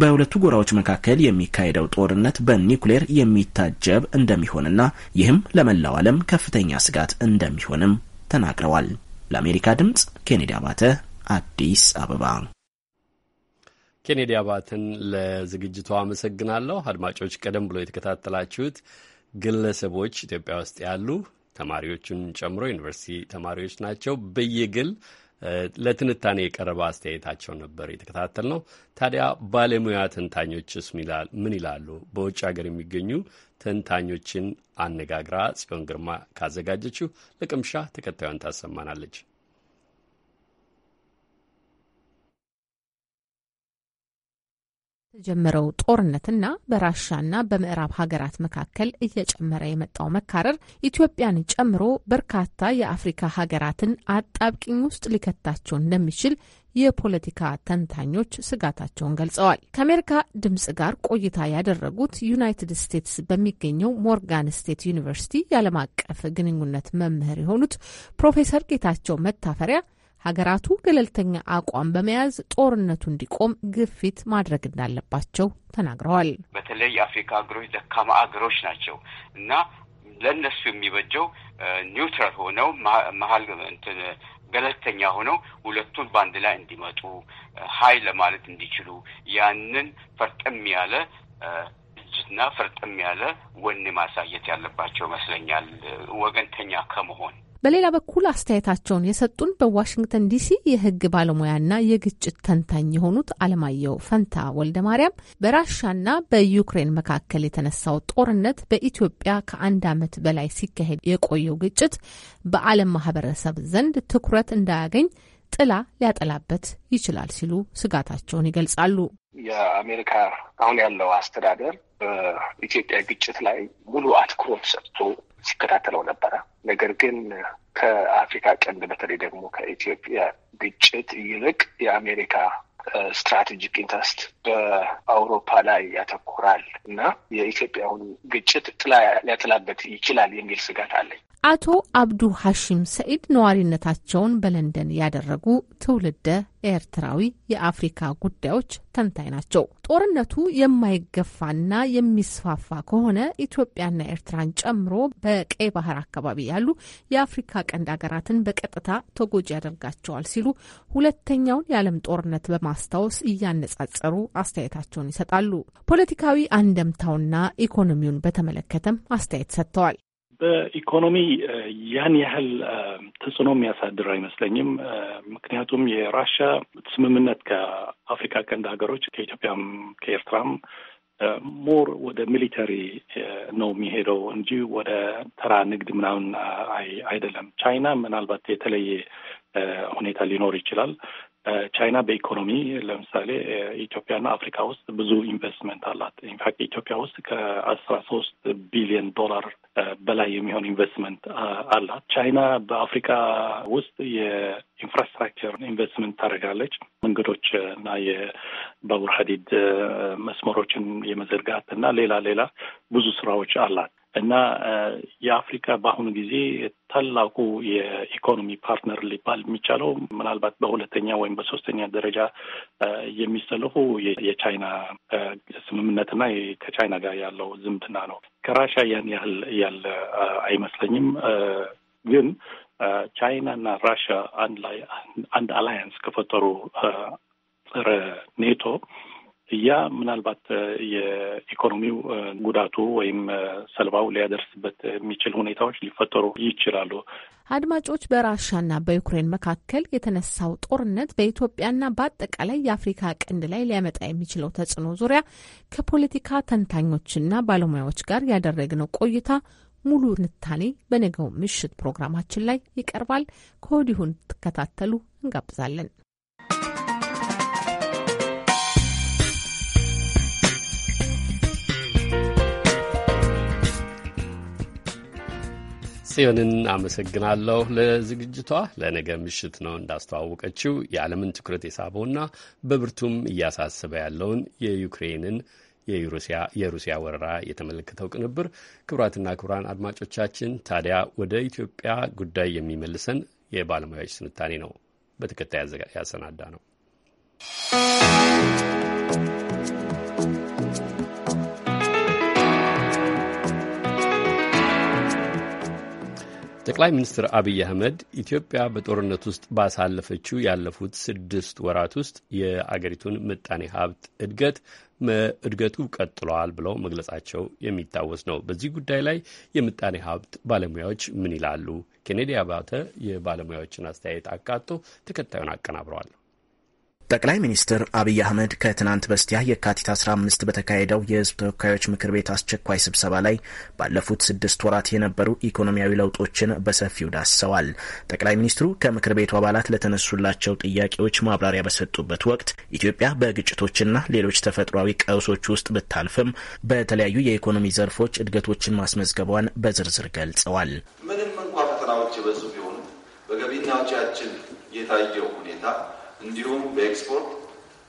[SPEAKER 13] በሁለቱ ጎራዎች መካከል የሚካሄደው ጦርነት በኒውክሌር የሚታጀብ እንደሚሆንና ይህም ለመላው ዓለም ከፍተኛ ስጋት እንደሚሆንም ተናግረዋል። ለአሜሪካ ድምፅ ኬኔዲ አባተ አዲስ አበባ
[SPEAKER 1] ኬኔዲ አባትን ለዝግጅቷ አመሰግናለሁ። አድማጮች፣ ቀደም ብሎ የተከታተላችሁት ግለሰቦች ኢትዮጵያ ውስጥ ያሉ ተማሪዎቹን ጨምሮ ዩኒቨርሲቲ ተማሪዎች ናቸው። በየግል ለትንታኔ የቀረበ አስተያየታቸው ነበር የተከታተል ነው። ታዲያ ባለሙያ ተንታኞችስ ምን ይላሉ? በውጭ ሀገር የሚገኙ ተንታኞችን አነጋግራ ጽዮን ግርማ ካዘጋጀችው ለቅምሻ ተከታዩን ታሰማናለች።
[SPEAKER 6] የተጀመረው ጦርነትና በራሻና በምዕራብ ሀገራት መካከል እየጨመረ የመጣው መካረር ኢትዮጵያን ጨምሮ በርካታ የአፍሪካ ሀገራትን አጣብቂኝ ውስጥ ሊከታቸው እንደሚችል የፖለቲካ ተንታኞች ስጋታቸውን ገልጸዋል። ከአሜሪካ ድምጽ ጋር ቆይታ ያደረጉት ዩናይትድ ስቴትስ በሚገኘው ሞርጋን ስቴት ዩኒቨርሲቲ የዓለም አቀፍ ግንኙነት መምህር የሆኑት ፕሮፌሰር ጌታቸው መታፈሪያ ሀገራቱ ገለልተኛ አቋም በመያዝ ጦርነቱ እንዲቆም ግፊት ማድረግ እንዳለባቸው ተናግረዋል።
[SPEAKER 16] በተለይ የአፍሪካ ሀገሮች ደካማ ሀገሮች ናቸው እና ለእነሱ የሚበጀው ኒውትራል ሆነው መሀል እንትን ገለልተኛ ሆነው ሁለቱን በአንድ ላይ እንዲመጡ ሀይ ለማለት እንዲችሉ ያንን ፈርጠም ያለ እጅና ፈርጠም ያለ ወኔ ማሳየት ያለባቸው ይመስለኛል ወገንተኛ ከመሆን
[SPEAKER 6] በሌላ በኩል አስተያየታቸውን የሰጡን በዋሽንግተን ዲሲ የህግ ባለሙያና የግጭት ተንታኝ የሆኑት አለማየሁ ፈንታ ወልደ ማርያም በራሻና በዩክሬን መካከል የተነሳው ጦርነት በኢትዮጵያ ከአንድ ዓመት በላይ ሲካሄድ የቆየው ግጭት በዓለም ማህበረሰብ ዘንድ ትኩረት እንዳያገኝ ጥላ ሊያጠላበት ይችላል ሲሉ ስጋታቸውን ይገልጻሉ። የአሜሪካ አሁን ያለው አስተዳደር በኢትዮጵያ ግጭት ላይ
[SPEAKER 2] ሙሉ አትኩሮት ሰጥቶ ሲከታተለው ነበረ። ነገር ግን
[SPEAKER 16] ከአፍሪካ ቀንድ በተለይ ደግሞ ከኢትዮጵያ ግጭት ይልቅ የአሜሪካ ስትራቴጂክ ኢንተረስት በአውሮፓ ላይ ያተኩራል እና የኢትዮጵያውን
[SPEAKER 17] ግጭት ጥላ ሊያጥላበት ይችላል የሚል ስጋት አለኝ።
[SPEAKER 6] አቶ አብዱ ሐሺም ሰኢድ ነዋሪነታቸውን በለንደን ያደረጉ ትውልደ ኤርትራዊ የአፍሪካ ጉዳዮች ተንታኝ ናቸው። ጦርነቱ የማይገፋና የሚስፋፋ ከሆነ ኢትዮጵያና ኤርትራን ጨምሮ በቀይ ባህር አካባቢ ያሉ የአፍሪካ ቀንድ ሀገራትን በቀጥታ ተጎጂ ያደርጋቸዋል ሲሉ ሁለተኛውን የዓለም ጦርነት በማስታወስ እያነጻጸሩ አስተያየታቸውን ይሰጣሉ። ፖለቲካዊ አንደምታውና ኢኮኖሚውን በተመለከተም አስተያየት ሰጥተዋል።
[SPEAKER 17] በኢኮኖሚ ያን ያህል ተጽዕኖ የሚያሳድር አይመስለኝም። ምክንያቱም የራሻ ስምምነት ከአፍሪካ ቀንድ ሀገሮች ከኢትዮጵያም ከኤርትራም ሞር ወደ ሚሊተሪ ነው የሚሄደው እንጂ ወደ ተራ ንግድ ምናምን አይደለም። ቻይና ምናልባት የተለየ ሁኔታ ሊኖር ይችላል። ቻይና በኢኮኖሚ ለምሳሌ ኢትዮጵያና አፍሪካ ውስጥ ብዙ ኢንቨስትመንት አላት። ኢንፋክት ኢትዮጵያ ውስጥ ከአስራ ሶስት ቢሊዮን ዶላር በላይ የሚሆን ኢንቨስትመንት አላት። ቻይና በአፍሪካ ውስጥ የኢንፍራስትራክቸር ኢንቨስትመንት ታደርጋለች። መንገዶች እና የባቡር ሀዲድ መስመሮችን የመዘርጋት እና ሌላ ሌላ ብዙ ስራዎች አላት። እና የአፍሪካ በአሁኑ ጊዜ ታላቁ የኢኮኖሚ ፓርትነር ሊባል የሚቻለው ምናልባት በሁለተኛ ወይም በሶስተኛ ደረጃ የሚሰለፉ የቻይና ስምምነትና ከቻይና ጋር ያለው ዝምድና ነው። ከራሻ ያን ያህል ያለ አይመስለኝም። ግን ቻይና እና ራሻ አንድ ላይ አንድ አላያንስ ከፈጠሩ ጸረ ኔቶ ያ ምናልባት የኢኮኖሚው ጉዳቱ ወይም ሰልባው ሊያደርስበት የሚችል ሁኔታዎች ሊፈጠሩ ይችላሉ።
[SPEAKER 6] አድማጮች፣ በራሻና በዩክሬን መካከል የተነሳው ጦርነት በኢትዮጵያና በአጠቃላይ የአፍሪካ ቀንድ ላይ ሊያመጣ የሚችለው ተጽዕኖ ዙሪያ ከፖለቲካ ተንታኞችና ባለሙያዎች ጋር ያደረግነው ቆይታ ሙሉ ንታኔ በነገው ምሽት ፕሮግራማችን ላይ ይቀርባል። ከወዲሁ እንድትከታተሉ እንጋብዛለን።
[SPEAKER 1] ጽዮንን አመሰግናለሁ ለዝግጅቷ። ለነገ ምሽት ነው እንዳስተዋወቀችው የዓለምን ትኩረት የሳበውና በብርቱም እያሳሰበ ያለውን የዩክሬንን የሩሲያ ወረራ የተመለከተው ቅንብር። ክቡራትና ክቡራን አድማጮቻችን ታዲያ ወደ ኢትዮጵያ ጉዳይ የሚመልሰን የባለሙያዎች ትንታኔ ነው በተከታይ ያሰናዳ ነው። ጠቅላይ ሚኒስትር አብይ አህመድ ኢትዮጵያ በጦርነት ውስጥ ባሳለፈችው ያለፉት ስድስት ወራት ውስጥ የአገሪቱን ምጣኔ ሀብት እድገት እድገቱ ቀጥሏል ብለው መግለጻቸው የሚታወስ ነው። በዚህ ጉዳይ ላይ የምጣኔ ሀብት ባለሙያዎች ምን ይላሉ? ኬኔዲ አባተ የባለሙያዎችን አስተያየት አካቶ ተከታዩን አቀናብረዋል።
[SPEAKER 13] ጠቅላይ ሚኒስትር አብይ አህመድ ከትናንት በስቲያ የካቲት 15 በተካሄደው የህዝብ ተወካዮች ምክር ቤት አስቸኳይ ስብሰባ ላይ ባለፉት ስድስት ወራት የነበሩ ኢኮኖሚያዊ ለውጦችን በሰፊው ዳስሰዋል። ጠቅላይ ሚኒስትሩ ከምክር ቤቱ አባላት ለተነሱላቸው ጥያቄዎች ማብራሪያ በሰጡበት ወቅት ኢትዮጵያ በግጭቶችና ሌሎች ተፈጥሯዊ ቀውሶች ውስጥ ብታልፍም በተለያዩ የኢኮኖሚ ዘርፎች እድገቶችን ማስመዝገቧን በዝርዝር ገልጸዋል።
[SPEAKER 9] ምንም እንኳ ፈተናዎች የበዙ ቢሆኑ በገቢና ወጪያችን የታየው ሁኔታ እንዲሁም በኤክስፖርት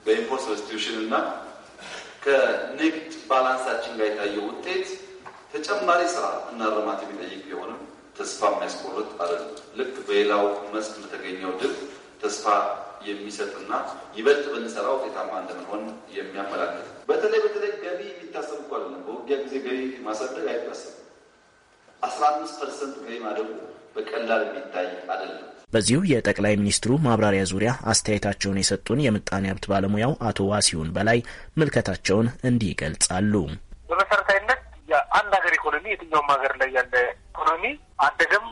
[SPEAKER 9] በኢምፖርት ሰብስቲቱሽን እና
[SPEAKER 1] ከንግድ ባላንሳችን ጋር የታየው ውጤት ተጨማሪ ስራ እና እርማት የሚጠይቅ ቢሆንም ተስፋ የሚያስቆርጥ አይደለም። ልክ በሌላው መስክ በተገኘው ድል ተስፋ የሚሰጥና ይበልጥ ብንሰራ ውጤታማ እንደምንሆን የሚያመላክት በተለይ በተለይ ገቢ የሚታሰብ እኮ አይደለም። በውጊያ ጊዜ ገቢ ማሳደግ አይታሰብም። አስራ አምስት ፐርሰንት ገቢ ማደጉ በቀላል የሚታይ
[SPEAKER 13] አይደለም። በዚሁ የጠቅላይ ሚኒስትሩ ማብራሪያ ዙሪያ አስተያየታቸውን የሰጡን የምጣኔ ሀብት ባለሙያው አቶ ዋሲሁን በላይ ምልከታቸውን እንዲህ ይገልጻሉ። በመሰረታዊነት
[SPEAKER 18] የአንድ ሀገር ኢኮኖሚ የትኛውም ሀገር ላይ ያለ ኢኮኖሚ አደገም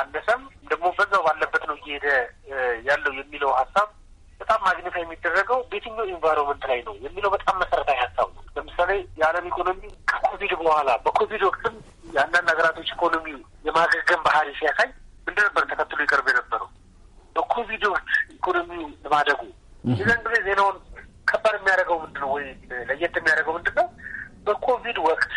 [SPEAKER 18] አነሰም ደግሞ በዛው ባለበት ነው እየሄደ ያለው የሚለው ሀሳብ በጣም ማግኘት የሚደረገው በየትኛው ኢንቫይሮመንት ላይ ነው የሚለው በጣም መሰረታዊ ሀሳብ ነው። ለምሳሌ የዓለም ኢኮኖሚ ከኮቪድ በኋላ በኮቪድ ወቅትም የአንዳንድ ሀገራቶች ኢኮኖሚ የማገገም ባህሪ ሲያሳይ እንደነበር ተከትሎ ይቀርብ የነበረው በኮቪዶች ኢኮኖሚ ማደጉ ይዘን ጊዜ ዜናውን ከባድ የሚያደርገው ምንድን ነው ወይ ለየት የሚያደርገው ምንድን ነው? በኮቪድ ወቅት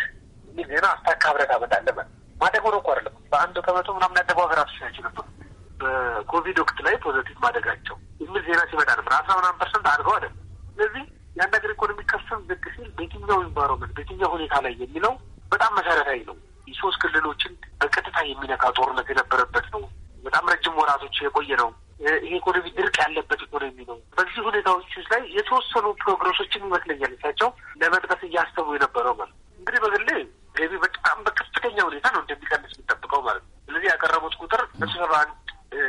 [SPEAKER 18] የሚል ዜና አስታካ ህብረት አመጣለመ ማደግ ወደ እኮ አይደለም። በአንድ ከመቶ ምናምን ያደጉ ሀገራት ሲናች ነበር በኮቪድ ወቅት ላይ ፖዘቲቭ ማደጋቸው የሚል ዜና ሲመጣ ነበር። አስራ ምናምን ፐርሰንት አድገው አይደለም። ስለዚህ የአንድ ሀገር ኢኮኖሚ ከፍም ዝቅ ሲል በየትኛው ኢንቫይሮመንት በየትኛው ሁኔታ ላይ የሚለው በጣም መሰረታዊ ነው። የሶስት ክልሎችን በቀጥታ የሚነካ ጦርነት የነበረበት ነው። በጣም ረጅም ወራቶች የቆየ ነው። ይሄ ኢኮኖሚ ድርቅ ያለበት ኢኮኖሚ ነው። በዚህ ሁኔታዎች ውስጥ ላይ የተወሰኑ ፕሮግረሶችን ይመስለኛል እሳቸው ለመጥቀስ እያሰቡ የነበረው ማለት እንግዲህ በግሌ ገቢ በጣም በከፍተኛ ሁኔታ ነው እንደሚቀንስ የሚጠብቀው ማለት ነው። ስለዚህ ያቀረቡት ቁጥር በስሰባ አንድ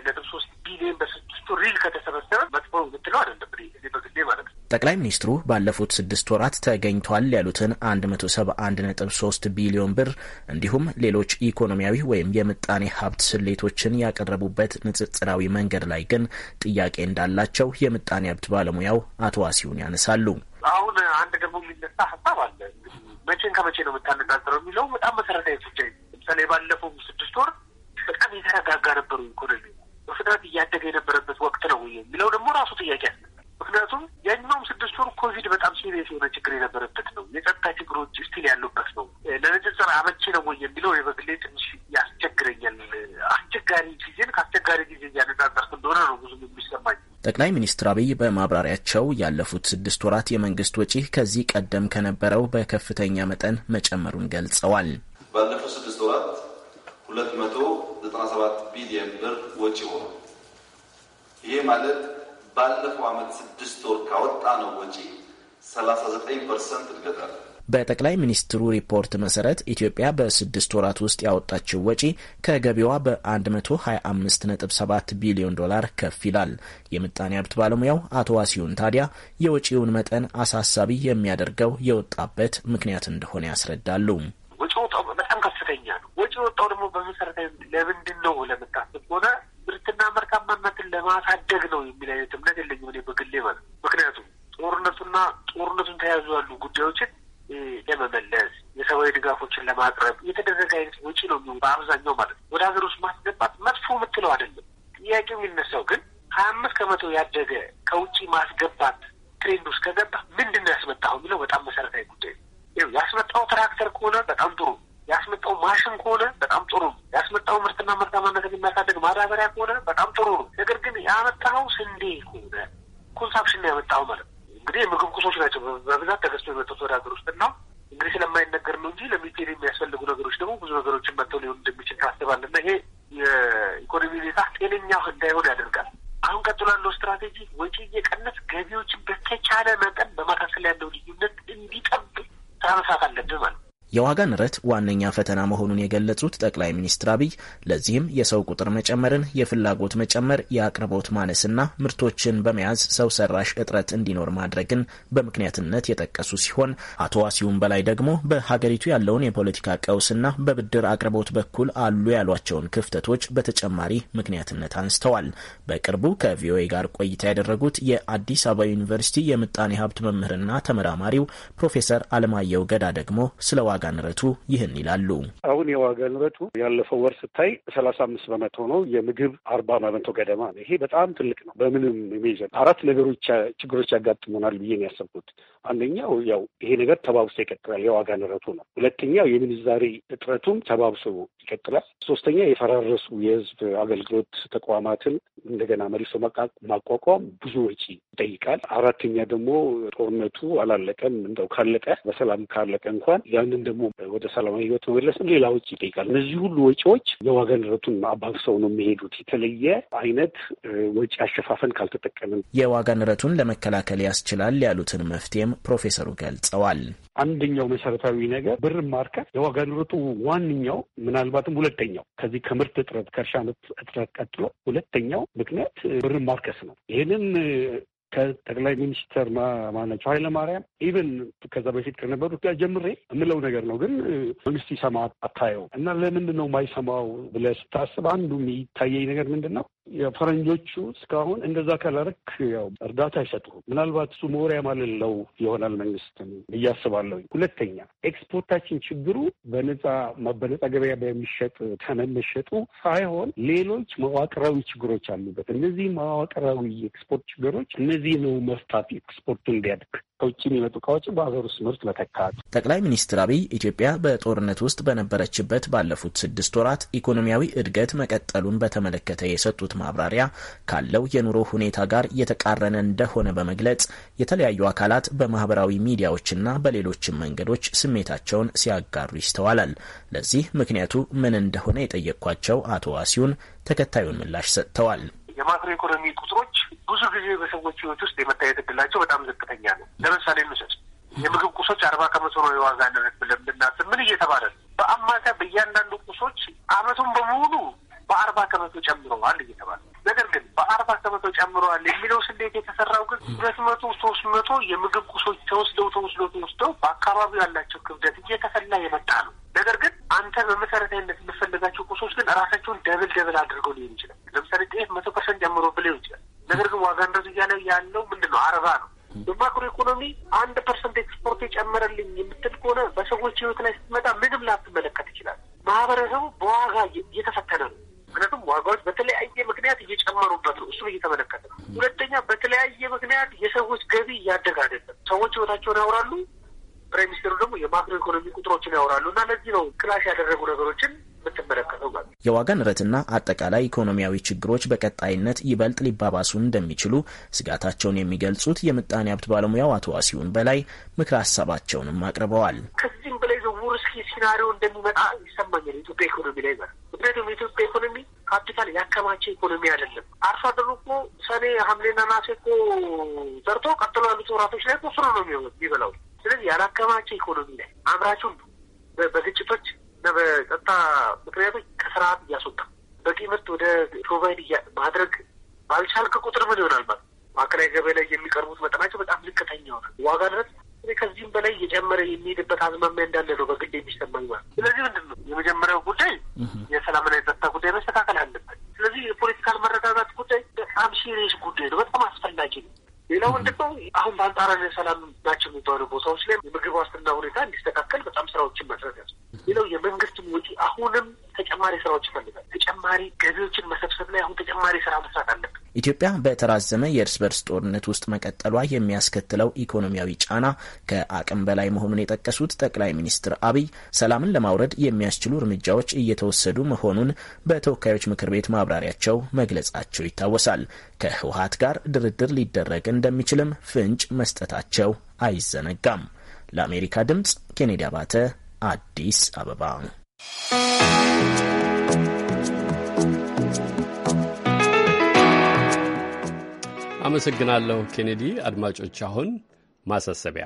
[SPEAKER 18] ነጥብ ሶስት ቢሊዮን በስድስቱ ሪል ከተሰበሰበ መጥፎ የምትለው አይደለም። እኔ በግሌ ማለት ነው።
[SPEAKER 13] ጠቅላይ ሚኒስትሩ ባለፉት ስድስት ወራት ተገኝቷል ያሉትን 171.3 ቢሊዮን ብር እንዲሁም ሌሎች ኢኮኖሚያዊ ወይም የምጣኔ ሀብት ስሌቶችን ያቀረቡበት ንጽጽራዊ መንገድ ላይ ግን ጥያቄ እንዳላቸው የምጣኔ ሀብት ባለሙያው አቶ ዋሲሁን ያነሳሉ።
[SPEAKER 18] አሁን አንድ ደግሞ የሚነሳ ሀሳብ አለ። መቼን ከመቼ ነው የምታነጋገረው የሚለው በጣም መሰረታዊ ጉዳይ። ለምሳሌ ባለፈው ስድስት ወር በጣም የተረጋጋ ነበሩ ኢኮኖሚ በፍጥነት እያደገ የነበረበት ወቅት ነው የሚለው ደግሞ ራሱ ጥያቄ አለ። ምክንያቱም ያኛውም ስድስት ወር ኮቪድ በጣም ሲሪየስ የሆነ ችግር የነበረበት ነው። የጸጥታ ችግሮች ስቲል ያሉበት ነው። ለንጽጽር አመቺ ነው ወይ የሚለው የበግሌ ትንሽ ያስቸግረኛል። አስቸጋሪ ጊዜን
[SPEAKER 2] ከአስቸጋሪ ጊዜ እያነጻጸርክ እንደሆነ ነው ብዙ የሚሰማኝ።
[SPEAKER 13] ጠቅላይ ሚኒስትር አብይ በማብራሪያቸው ያለፉት ስድስት ወራት የመንግስት ወጪ ከዚህ ቀደም ከነበረው በከፍተኛ መጠን መጨመሩን ገልጸዋል። በጠቅላይ ሚኒስትሩ ሪፖርት መሰረት ኢትዮጵያ በስድስት ወራት ውስጥ ያወጣችው ወጪ ከገቢዋ በ125.7 ቢሊዮን ዶላር ከፍ ይላል። የምጣኔ ሀብት ባለሙያው አቶ ዋሲሁን ታዲያ የወጪውን መጠን አሳሳቢ የሚያደርገው የወጣበት ምክንያት እንደሆነ ያስረዳሉ።
[SPEAKER 18] ወጪው በጣም ከፍተኛ ነው። ወጪ ወጣው ደግሞ በመሰረታዊ ለምንድን ነው ለምታስብ ሆነ ምርትና ምርታማነትን ለማሳደግ ነው የሚል አይነት እምነት የለኝም እኔ በግሌ ማለት ምክንያቱም ጦርነቱና ጦርነቱን ተያዙ ያሉ ጉዳዮችን ለመመለስ የሰብአዊ ድጋፎችን ለማቅረብ የተደረገ አይነት ውጪ ነው የሚሆን በአብዛኛው ማለት ነው። ወደ ሀገር ውስጥ ማስገባት መጥፎ የምትለው አይደለም። ጥያቄው የሚነሳው ግን ሀያ አምስት ከመቶ ያደገ ከውጭ ማስገባት ትሬንድ ውስጥ ከገባ ምንድን ነው ያስመጣው የሚለው በጣም መሰረታዊ ጉዳይ ነው። ያስመጣው ትራክተር ከሆነ በጣም ጥሩ፣ ያስመጣው ማሽን ከሆነ በጣም ጥሩ፣ ያስመጣው ምርትና ምርታማነትን የሚያሳደግ ማዳበሪያ ከሆነ በጣም ጥሩ ነው። ነገር ግን ያመጣኸው ስንዴ ከሆነ ኮንሳፕሽን ነው ያመጣኸው ማለት ነው እንግዲህ የምግብ ቁሶች ናቸው በብዛት ተገዝቶ የመጡት ወደ ሀገር ውስጥ እና እንግዲህ ስለማይነገር ነው እንጂ ለሚካሄድ የሚያስፈልጉ ነገሮች ደግሞ ብዙ ነገሮችን መጥተው ሊሆን እንደሚችል ታስባል እና ይሄ የኢኮኖሚ ሁኔታ ጤነኛ እንዳይሆን ያደርጋል። አሁን ቀጥሎ ያለው ስትራቴጂ ወጪ እየቀነስ ገቢዎችን በተቻለ መጠን በመካከል ያለው ልዩነት እንዲጠብ ታመሳት አለብን ማለት ነው።
[SPEAKER 13] የዋጋ ንረት ዋነኛ ፈተና መሆኑን የገለጹት ጠቅላይ ሚኒስትር አብይ ለዚህም የሰው ቁጥር መጨመርን፣ የፍላጎት መጨመር፣ የአቅርቦት ማነስና ምርቶችን በመያዝ ሰው ሰራሽ እጥረት እንዲኖር ማድረግን በምክንያትነት የጠቀሱ ሲሆን አቶ ዋሲሁን በላይ ደግሞ በሀገሪቱ ያለውን የፖለቲካ ቀውስና በብድር አቅርቦት በኩል አሉ ያሏቸውን ክፍተቶች በተጨማሪ ምክንያትነት አንስተዋል። በቅርቡ ከቪኦኤ ጋር ቆይታ ያደረጉት የአዲስ አበባ ዩኒቨርሲቲ የምጣኔ ሀብት መምህርና ተመራማሪው ፕሮፌሰር አለማየሁ ገዳ ደግሞ ስለ ዋጋ የዋጋ ንረቱ ይህን ይላሉ።
[SPEAKER 16] አሁን የዋጋ ንረቱ ያለፈው ወር ስታይ ሰላሳ አምስት በመቶ ነው። የምግብ አርባ በመቶ ገደማ ነው። ይሄ በጣም ትልቅ ነው። በምንም ሜዥር አራት ነገሮች ችግሮች ያጋጥሙናል ብዬ ነው ያሰብኩት። አንደኛው ያው ይሄ ነገር ተባብሶ ይቀጥላል፣ የዋጋ ንረቱ ነው። ሁለተኛው የምንዛሪ እጥረቱም ተባብሶ ይቀጥላል። ሶስተኛ የፈራረሱ የህዝብ አገልግሎት ተቋማትን እንደገና መልሶ ማቋቋም ብዙ ወጪ ይጠይቃል። አራተኛ ደግሞ ጦርነቱ አላለቀም። እንደው ካለቀ በሰላም ካለቀ እንኳን ያንን ደግሞ ወደ ሰላማዊ ህይወት መመለስም ሌላ ወጪ ይጠይቃል። እነዚህ ሁሉ ወጪዎች የዋጋ ንረቱን አባብሰው ነው የሚሄዱት። የተለየ አይነት ወጪ አሸፋፈን ካልተጠቀምን
[SPEAKER 13] የዋጋ ንረቱን ለመከላከል ያስችላል ያሉትን መፍትሄም ፕሮፌሰሩ ገልጸዋል።
[SPEAKER 16] አንደኛው መሰረታዊ ነገር ብር ማርከስ የዋጋ ንረቱ ዋነኛው ምናልባትም ሁለተኛው ከዚህ ከምርት እጥረት ከእርሻ እጥረት ቀጥሎ ሁለተኛው ምክንያት ብር ማርከስ ነው። ይህንን ከጠቅላይ ሚኒስትር ማናቸው ኃይለማርያም ኢቨን ከዛ በፊት ከነበሩት ጋር ጀምሬ የምለው ነገር ነው። ግን መንግስት ይሰማ አታየው እና ለምንድን ነው ማይሰማው ብለህ ስታስብ አንዱ የሚታየኝ ነገር ምንድን ነው የፈረንጆቹ እስካሁን እንደዛ ካላረክ ያው እርዳታ አይሰጡም። ምናልባት እሱ መወሪያ ማለለው ይሆናል መንግስትም እያስባለሁ። ሁለተኛ ኤክስፖርታችን ችግሩ በነጻ በነጻ ገበያ በሚሸጥ መሸጡ ሳይሆን ሌሎች መዋቅራዊ ችግሮች አሉበት። እነዚህ መዋቅራዊ ኤክስፖርት ችግሮች እነዚህ ነው መፍታት ኤክስፖርቱ እንዲያድግ ከውጭ የሚመጡ እቃዎች በሀገር ውስጥ ምርት መተካት።
[SPEAKER 13] ጠቅላይ ሚኒስትር አብይ ኢትዮጵያ በጦርነት ውስጥ በነበረችበት ባለፉት ስድስት ወራት ኢኮኖሚያዊ እድገት መቀጠሉን በተመለከተ የሰጡት ማብራሪያ ካለው የኑሮ ሁኔታ ጋር የተቃረነ እንደሆነ በመግለጽ የተለያዩ አካላት በማህበራዊ ሚዲያዎችና በሌሎችም መንገዶች ስሜታቸውን ሲያጋሩ ይስተዋላል። ለዚህ ምክንያቱ ምን እንደሆነ የጠየቅኳቸው አቶ ዋሲሁን ተከታዩን ምላሽ ሰጥተዋል።
[SPEAKER 18] የማክሮ ኢኮኖሚ ቁጥሮች ብዙ ጊዜ በሰዎች ህይወት ውስጥ የመታየት እድላቸው በጣም ዝቅተኛ ነው። ለምሳሌ እንውሰድ የምግብ ቁሶች አርባ ከመቶ ነው የዋጋ ንረት ብለን ብናስብ ምን እየተባለ ነው? በአማካይ በእያንዳንዱ ቁሶች አመቱን በሙሉ በአርባ ከመቶ ጨምረዋል እየተባለ ነገር ግን በአርባ ከመቶ ጨምረዋል የሚለው ስሌት የተሰራው ግን ሁለት መቶ ሶስት መቶ የምግብ ቁሶች ተወስደው ተወስደው ተወስደው በአካባቢው ያላቸው ክብደት እየተሰላ የመጣ ነው። ነገር ግን አንተ በመሰረታዊነት የምፈልጋቸው ቁሶች ግን ራሳቸውን ደብል ደብል አድርገው ሊሆን ይችላል። ለምሳሌ ጤፍ መቶ ፐርሰንት ጨምሮ ሊሆን ይችላል። ነገር ግን ዋጋ እንደዚያ እያለ ያለው ምንድን ነው? አረባ ነው። በማክሮ ኢኮኖሚ አንድ ፐርሰንት ኤክስፖርት የጨመረልኝ የምትል ከሆነ በሰዎች ህይወት ላይ ስትመጣ ምንም ላትመለከት ይችላል። ማህበረሰቡ በዋጋ እየተፈተነ ነው። ምክንያቱም ዋጋዎች በተለያየ ምክንያት እየጨመሩበት ነው። እሱም እየተመለከተ ነው። ሁለተኛ በተለያየ ምክንያት የሰዎች ገቢ እያደገ አይደለም። ሰዎች ህይወታቸውን ያውራሉ። ፕራይም ሚኒስትሩ ደግሞ የማክሮ ኢኮኖሚ ቁጥሮችን ያወራሉ እና ለዚህ ነው ክላሽ ያደረጉ ነገሮችን
[SPEAKER 13] የምትመለከተው ማለት የዋጋ ንረትና አጠቃላይ ኢኮኖሚያዊ ችግሮች በቀጣይነት ይበልጥ ሊባባሱ እንደሚችሉ ስጋታቸውን የሚገልጹት የምጣኔ ሀብት ባለሙያው አቶ ዋሲሁን በላይ ምክር ሀሳባቸውንም አቅርበዋል።
[SPEAKER 2] ከዚህም በላይ ዝውውር እስኪ ሲናሪዮ
[SPEAKER 18] እንደሚመጣ ይሰማኛል የኢትዮጵያ ኢኮኖሚ ላይ ማለት ምክንያቱም የኢትዮጵያ ኢኮኖሚ ካፒታል ያከማቸ ኢኮኖሚ አይደለም። አርሶ አደሩ እኮ ሰኔ ሐምሌና ናሴ እኮ ዘርቶ ቀጥሎ ያሉት ወራቶች ላይ እኮ ስሩ ነው የሚበላው ስለዚህ ያላከማቸው ኢኮኖሚ ላይ አምራቹን በግጭቶች እና በጸጥታ ምክንያቶች ከስርዓት እያስወጣ በቂ ምርት ወደ ፕሮቫይድ ማድረግ ባልቻልክ ቁጥር ምን ይሆናል ማለት ማዕከላዊ ገበያ ላይ የሚቀርቡት መጠናቸው በጣም ዝቅተኛ ይሆናል። ዋጋ ድረስ ከዚህም በላይ እየጨመረ የሚሄድበት አዝማሚያ እንዳለ ነው በግል የሚሰማኝ ማለት። ስለዚህ ምንድን ነው የመጀመሪያው ጉዳይ የሰላምና የጸጥታ ጉዳይ መስተካከል አለበት። ስለዚህ የፖለቲካል መረጋጋት ጉዳይ በጣም ሲሪየስ ጉዳይ ነው፣ በጣም አስፈላጊ ነው። ሌላው ምንድን ነው አሁን በአንጻራዊ ሰላም ናቸው የሚባሉ ቦታዎች ላይ የምግብ ዋስትና ሁኔታ እንዲስተካከል በጣም ስራዎችን መስራት ያስ ሌላው የመንግስት ወጪ አሁንም ተጨማሪ ስራዎች ይፈልጋል። ተጨማሪ ገቢዎች
[SPEAKER 13] ኢትዮጵያ በተራዘመ የእርስ በርስ ጦርነት ውስጥ መቀጠሏ የሚያስከትለው ኢኮኖሚያዊ ጫና ከአቅም በላይ መሆኑን የጠቀሱት ጠቅላይ ሚኒስትር አብይ ሰላምን ለማውረድ የሚያስችሉ እርምጃዎች እየተወሰዱ መሆኑን በተወካዮች ምክር ቤት ማብራሪያቸው መግለጻቸው ይታወሳል። ከህወሀት ጋር ድርድር ሊደረግ እንደሚችልም ፍንጭ መስጠታቸው አይዘነጋም። ለአሜሪካ ድምፅ ኬኔዲ አባተ አዲስ አበባ
[SPEAKER 1] አመሰግናለሁ ኬኔዲ። አድማጮች አሁን
[SPEAKER 3] ማሳሰቢያ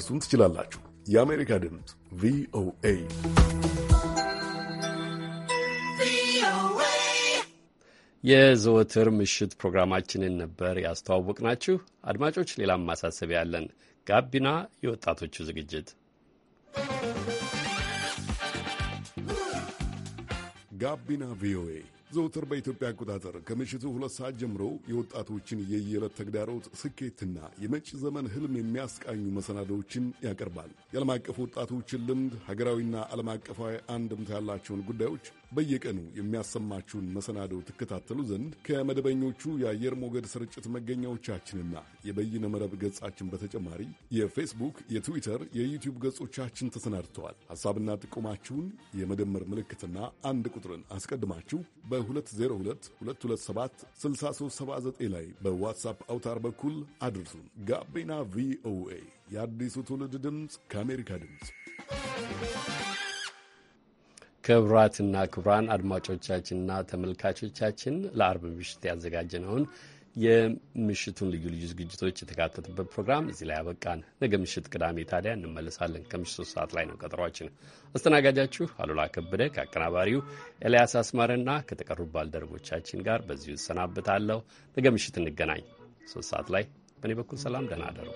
[SPEAKER 3] ልታደርሱን ትችላላችሁ። የአሜሪካ ድምፅ ቪኦኤ
[SPEAKER 1] የዘወትር ምሽት ፕሮግራማችንን ነበር ያስተዋወቅናችሁ። አድማጮች፣ ሌላም ማሳሰቢያ ያለን ጋቢና የወጣቶቹ
[SPEAKER 3] ዝግጅት ጋቢና ቪኦኤ ዘውትር በኢትዮጵያ አቆጣጠር ከምሽቱ ሁለት ሰዓት ጀምሮ የወጣቶችን የየዕለት ተግዳሮት ስኬትና የመጪ ዘመን ህልም የሚያስቃኙ መሰናዶዎችን ያቀርባል። የዓለም አቀፍ ወጣቶችን ልምድ፣ ሀገራዊና ዓለም አቀፋዊ አንድምታ ያላቸውን ጉዳዮች በየቀኑ የሚያሰማችሁን መሰናዶው ትከታተሉ ዘንድ ከመደበኞቹ የአየር ሞገድ ስርጭት መገኛዎቻችንና የበይነ መረብ ገጻችን በተጨማሪ የፌስቡክ፣ የትዊተር፣ የዩቲዩብ ገጾቻችን ተሰናድተዋል። ሐሳብና ጥቆማችሁን የመደመር ምልክትና አንድ ቁጥርን አስቀድማችሁ በ2022276379 ላይ በዋትሳፕ አውታር በኩል አድርሱን። ጋቢና ቪኦኤ የአዲሱ ትውልድ ድምፅ ከአሜሪካ ድምፅ
[SPEAKER 1] ክቡራትና ክቡራን አድማጮቻችንና ተመልካቾቻችን ለአርብ ምሽት ያዘጋጀነውን የምሽቱን ልዩ ልዩ ዝግጅቶች የተካተቱበት ፕሮግራም እዚህ ላይ ያበቃን። ነገ ምሽት ቅዳሜ ታዲያ እንመለሳለን። ከምሽት ሶስት ሰዓት ላይ ነው ቀጠሯችን። አስተናጋጃችሁ አሉላ ከበደ ከአቀናባሪው ኤልያስ አስማረና ከተቀሩ ባልደረቦቻችን ጋር በዚሁ እሰናብታለሁ። ነገ ምሽት እንገናኝ ሶስት ሰዓት ላይ። በእኔ በኩል ሰላም፣ ደህና አደሩ።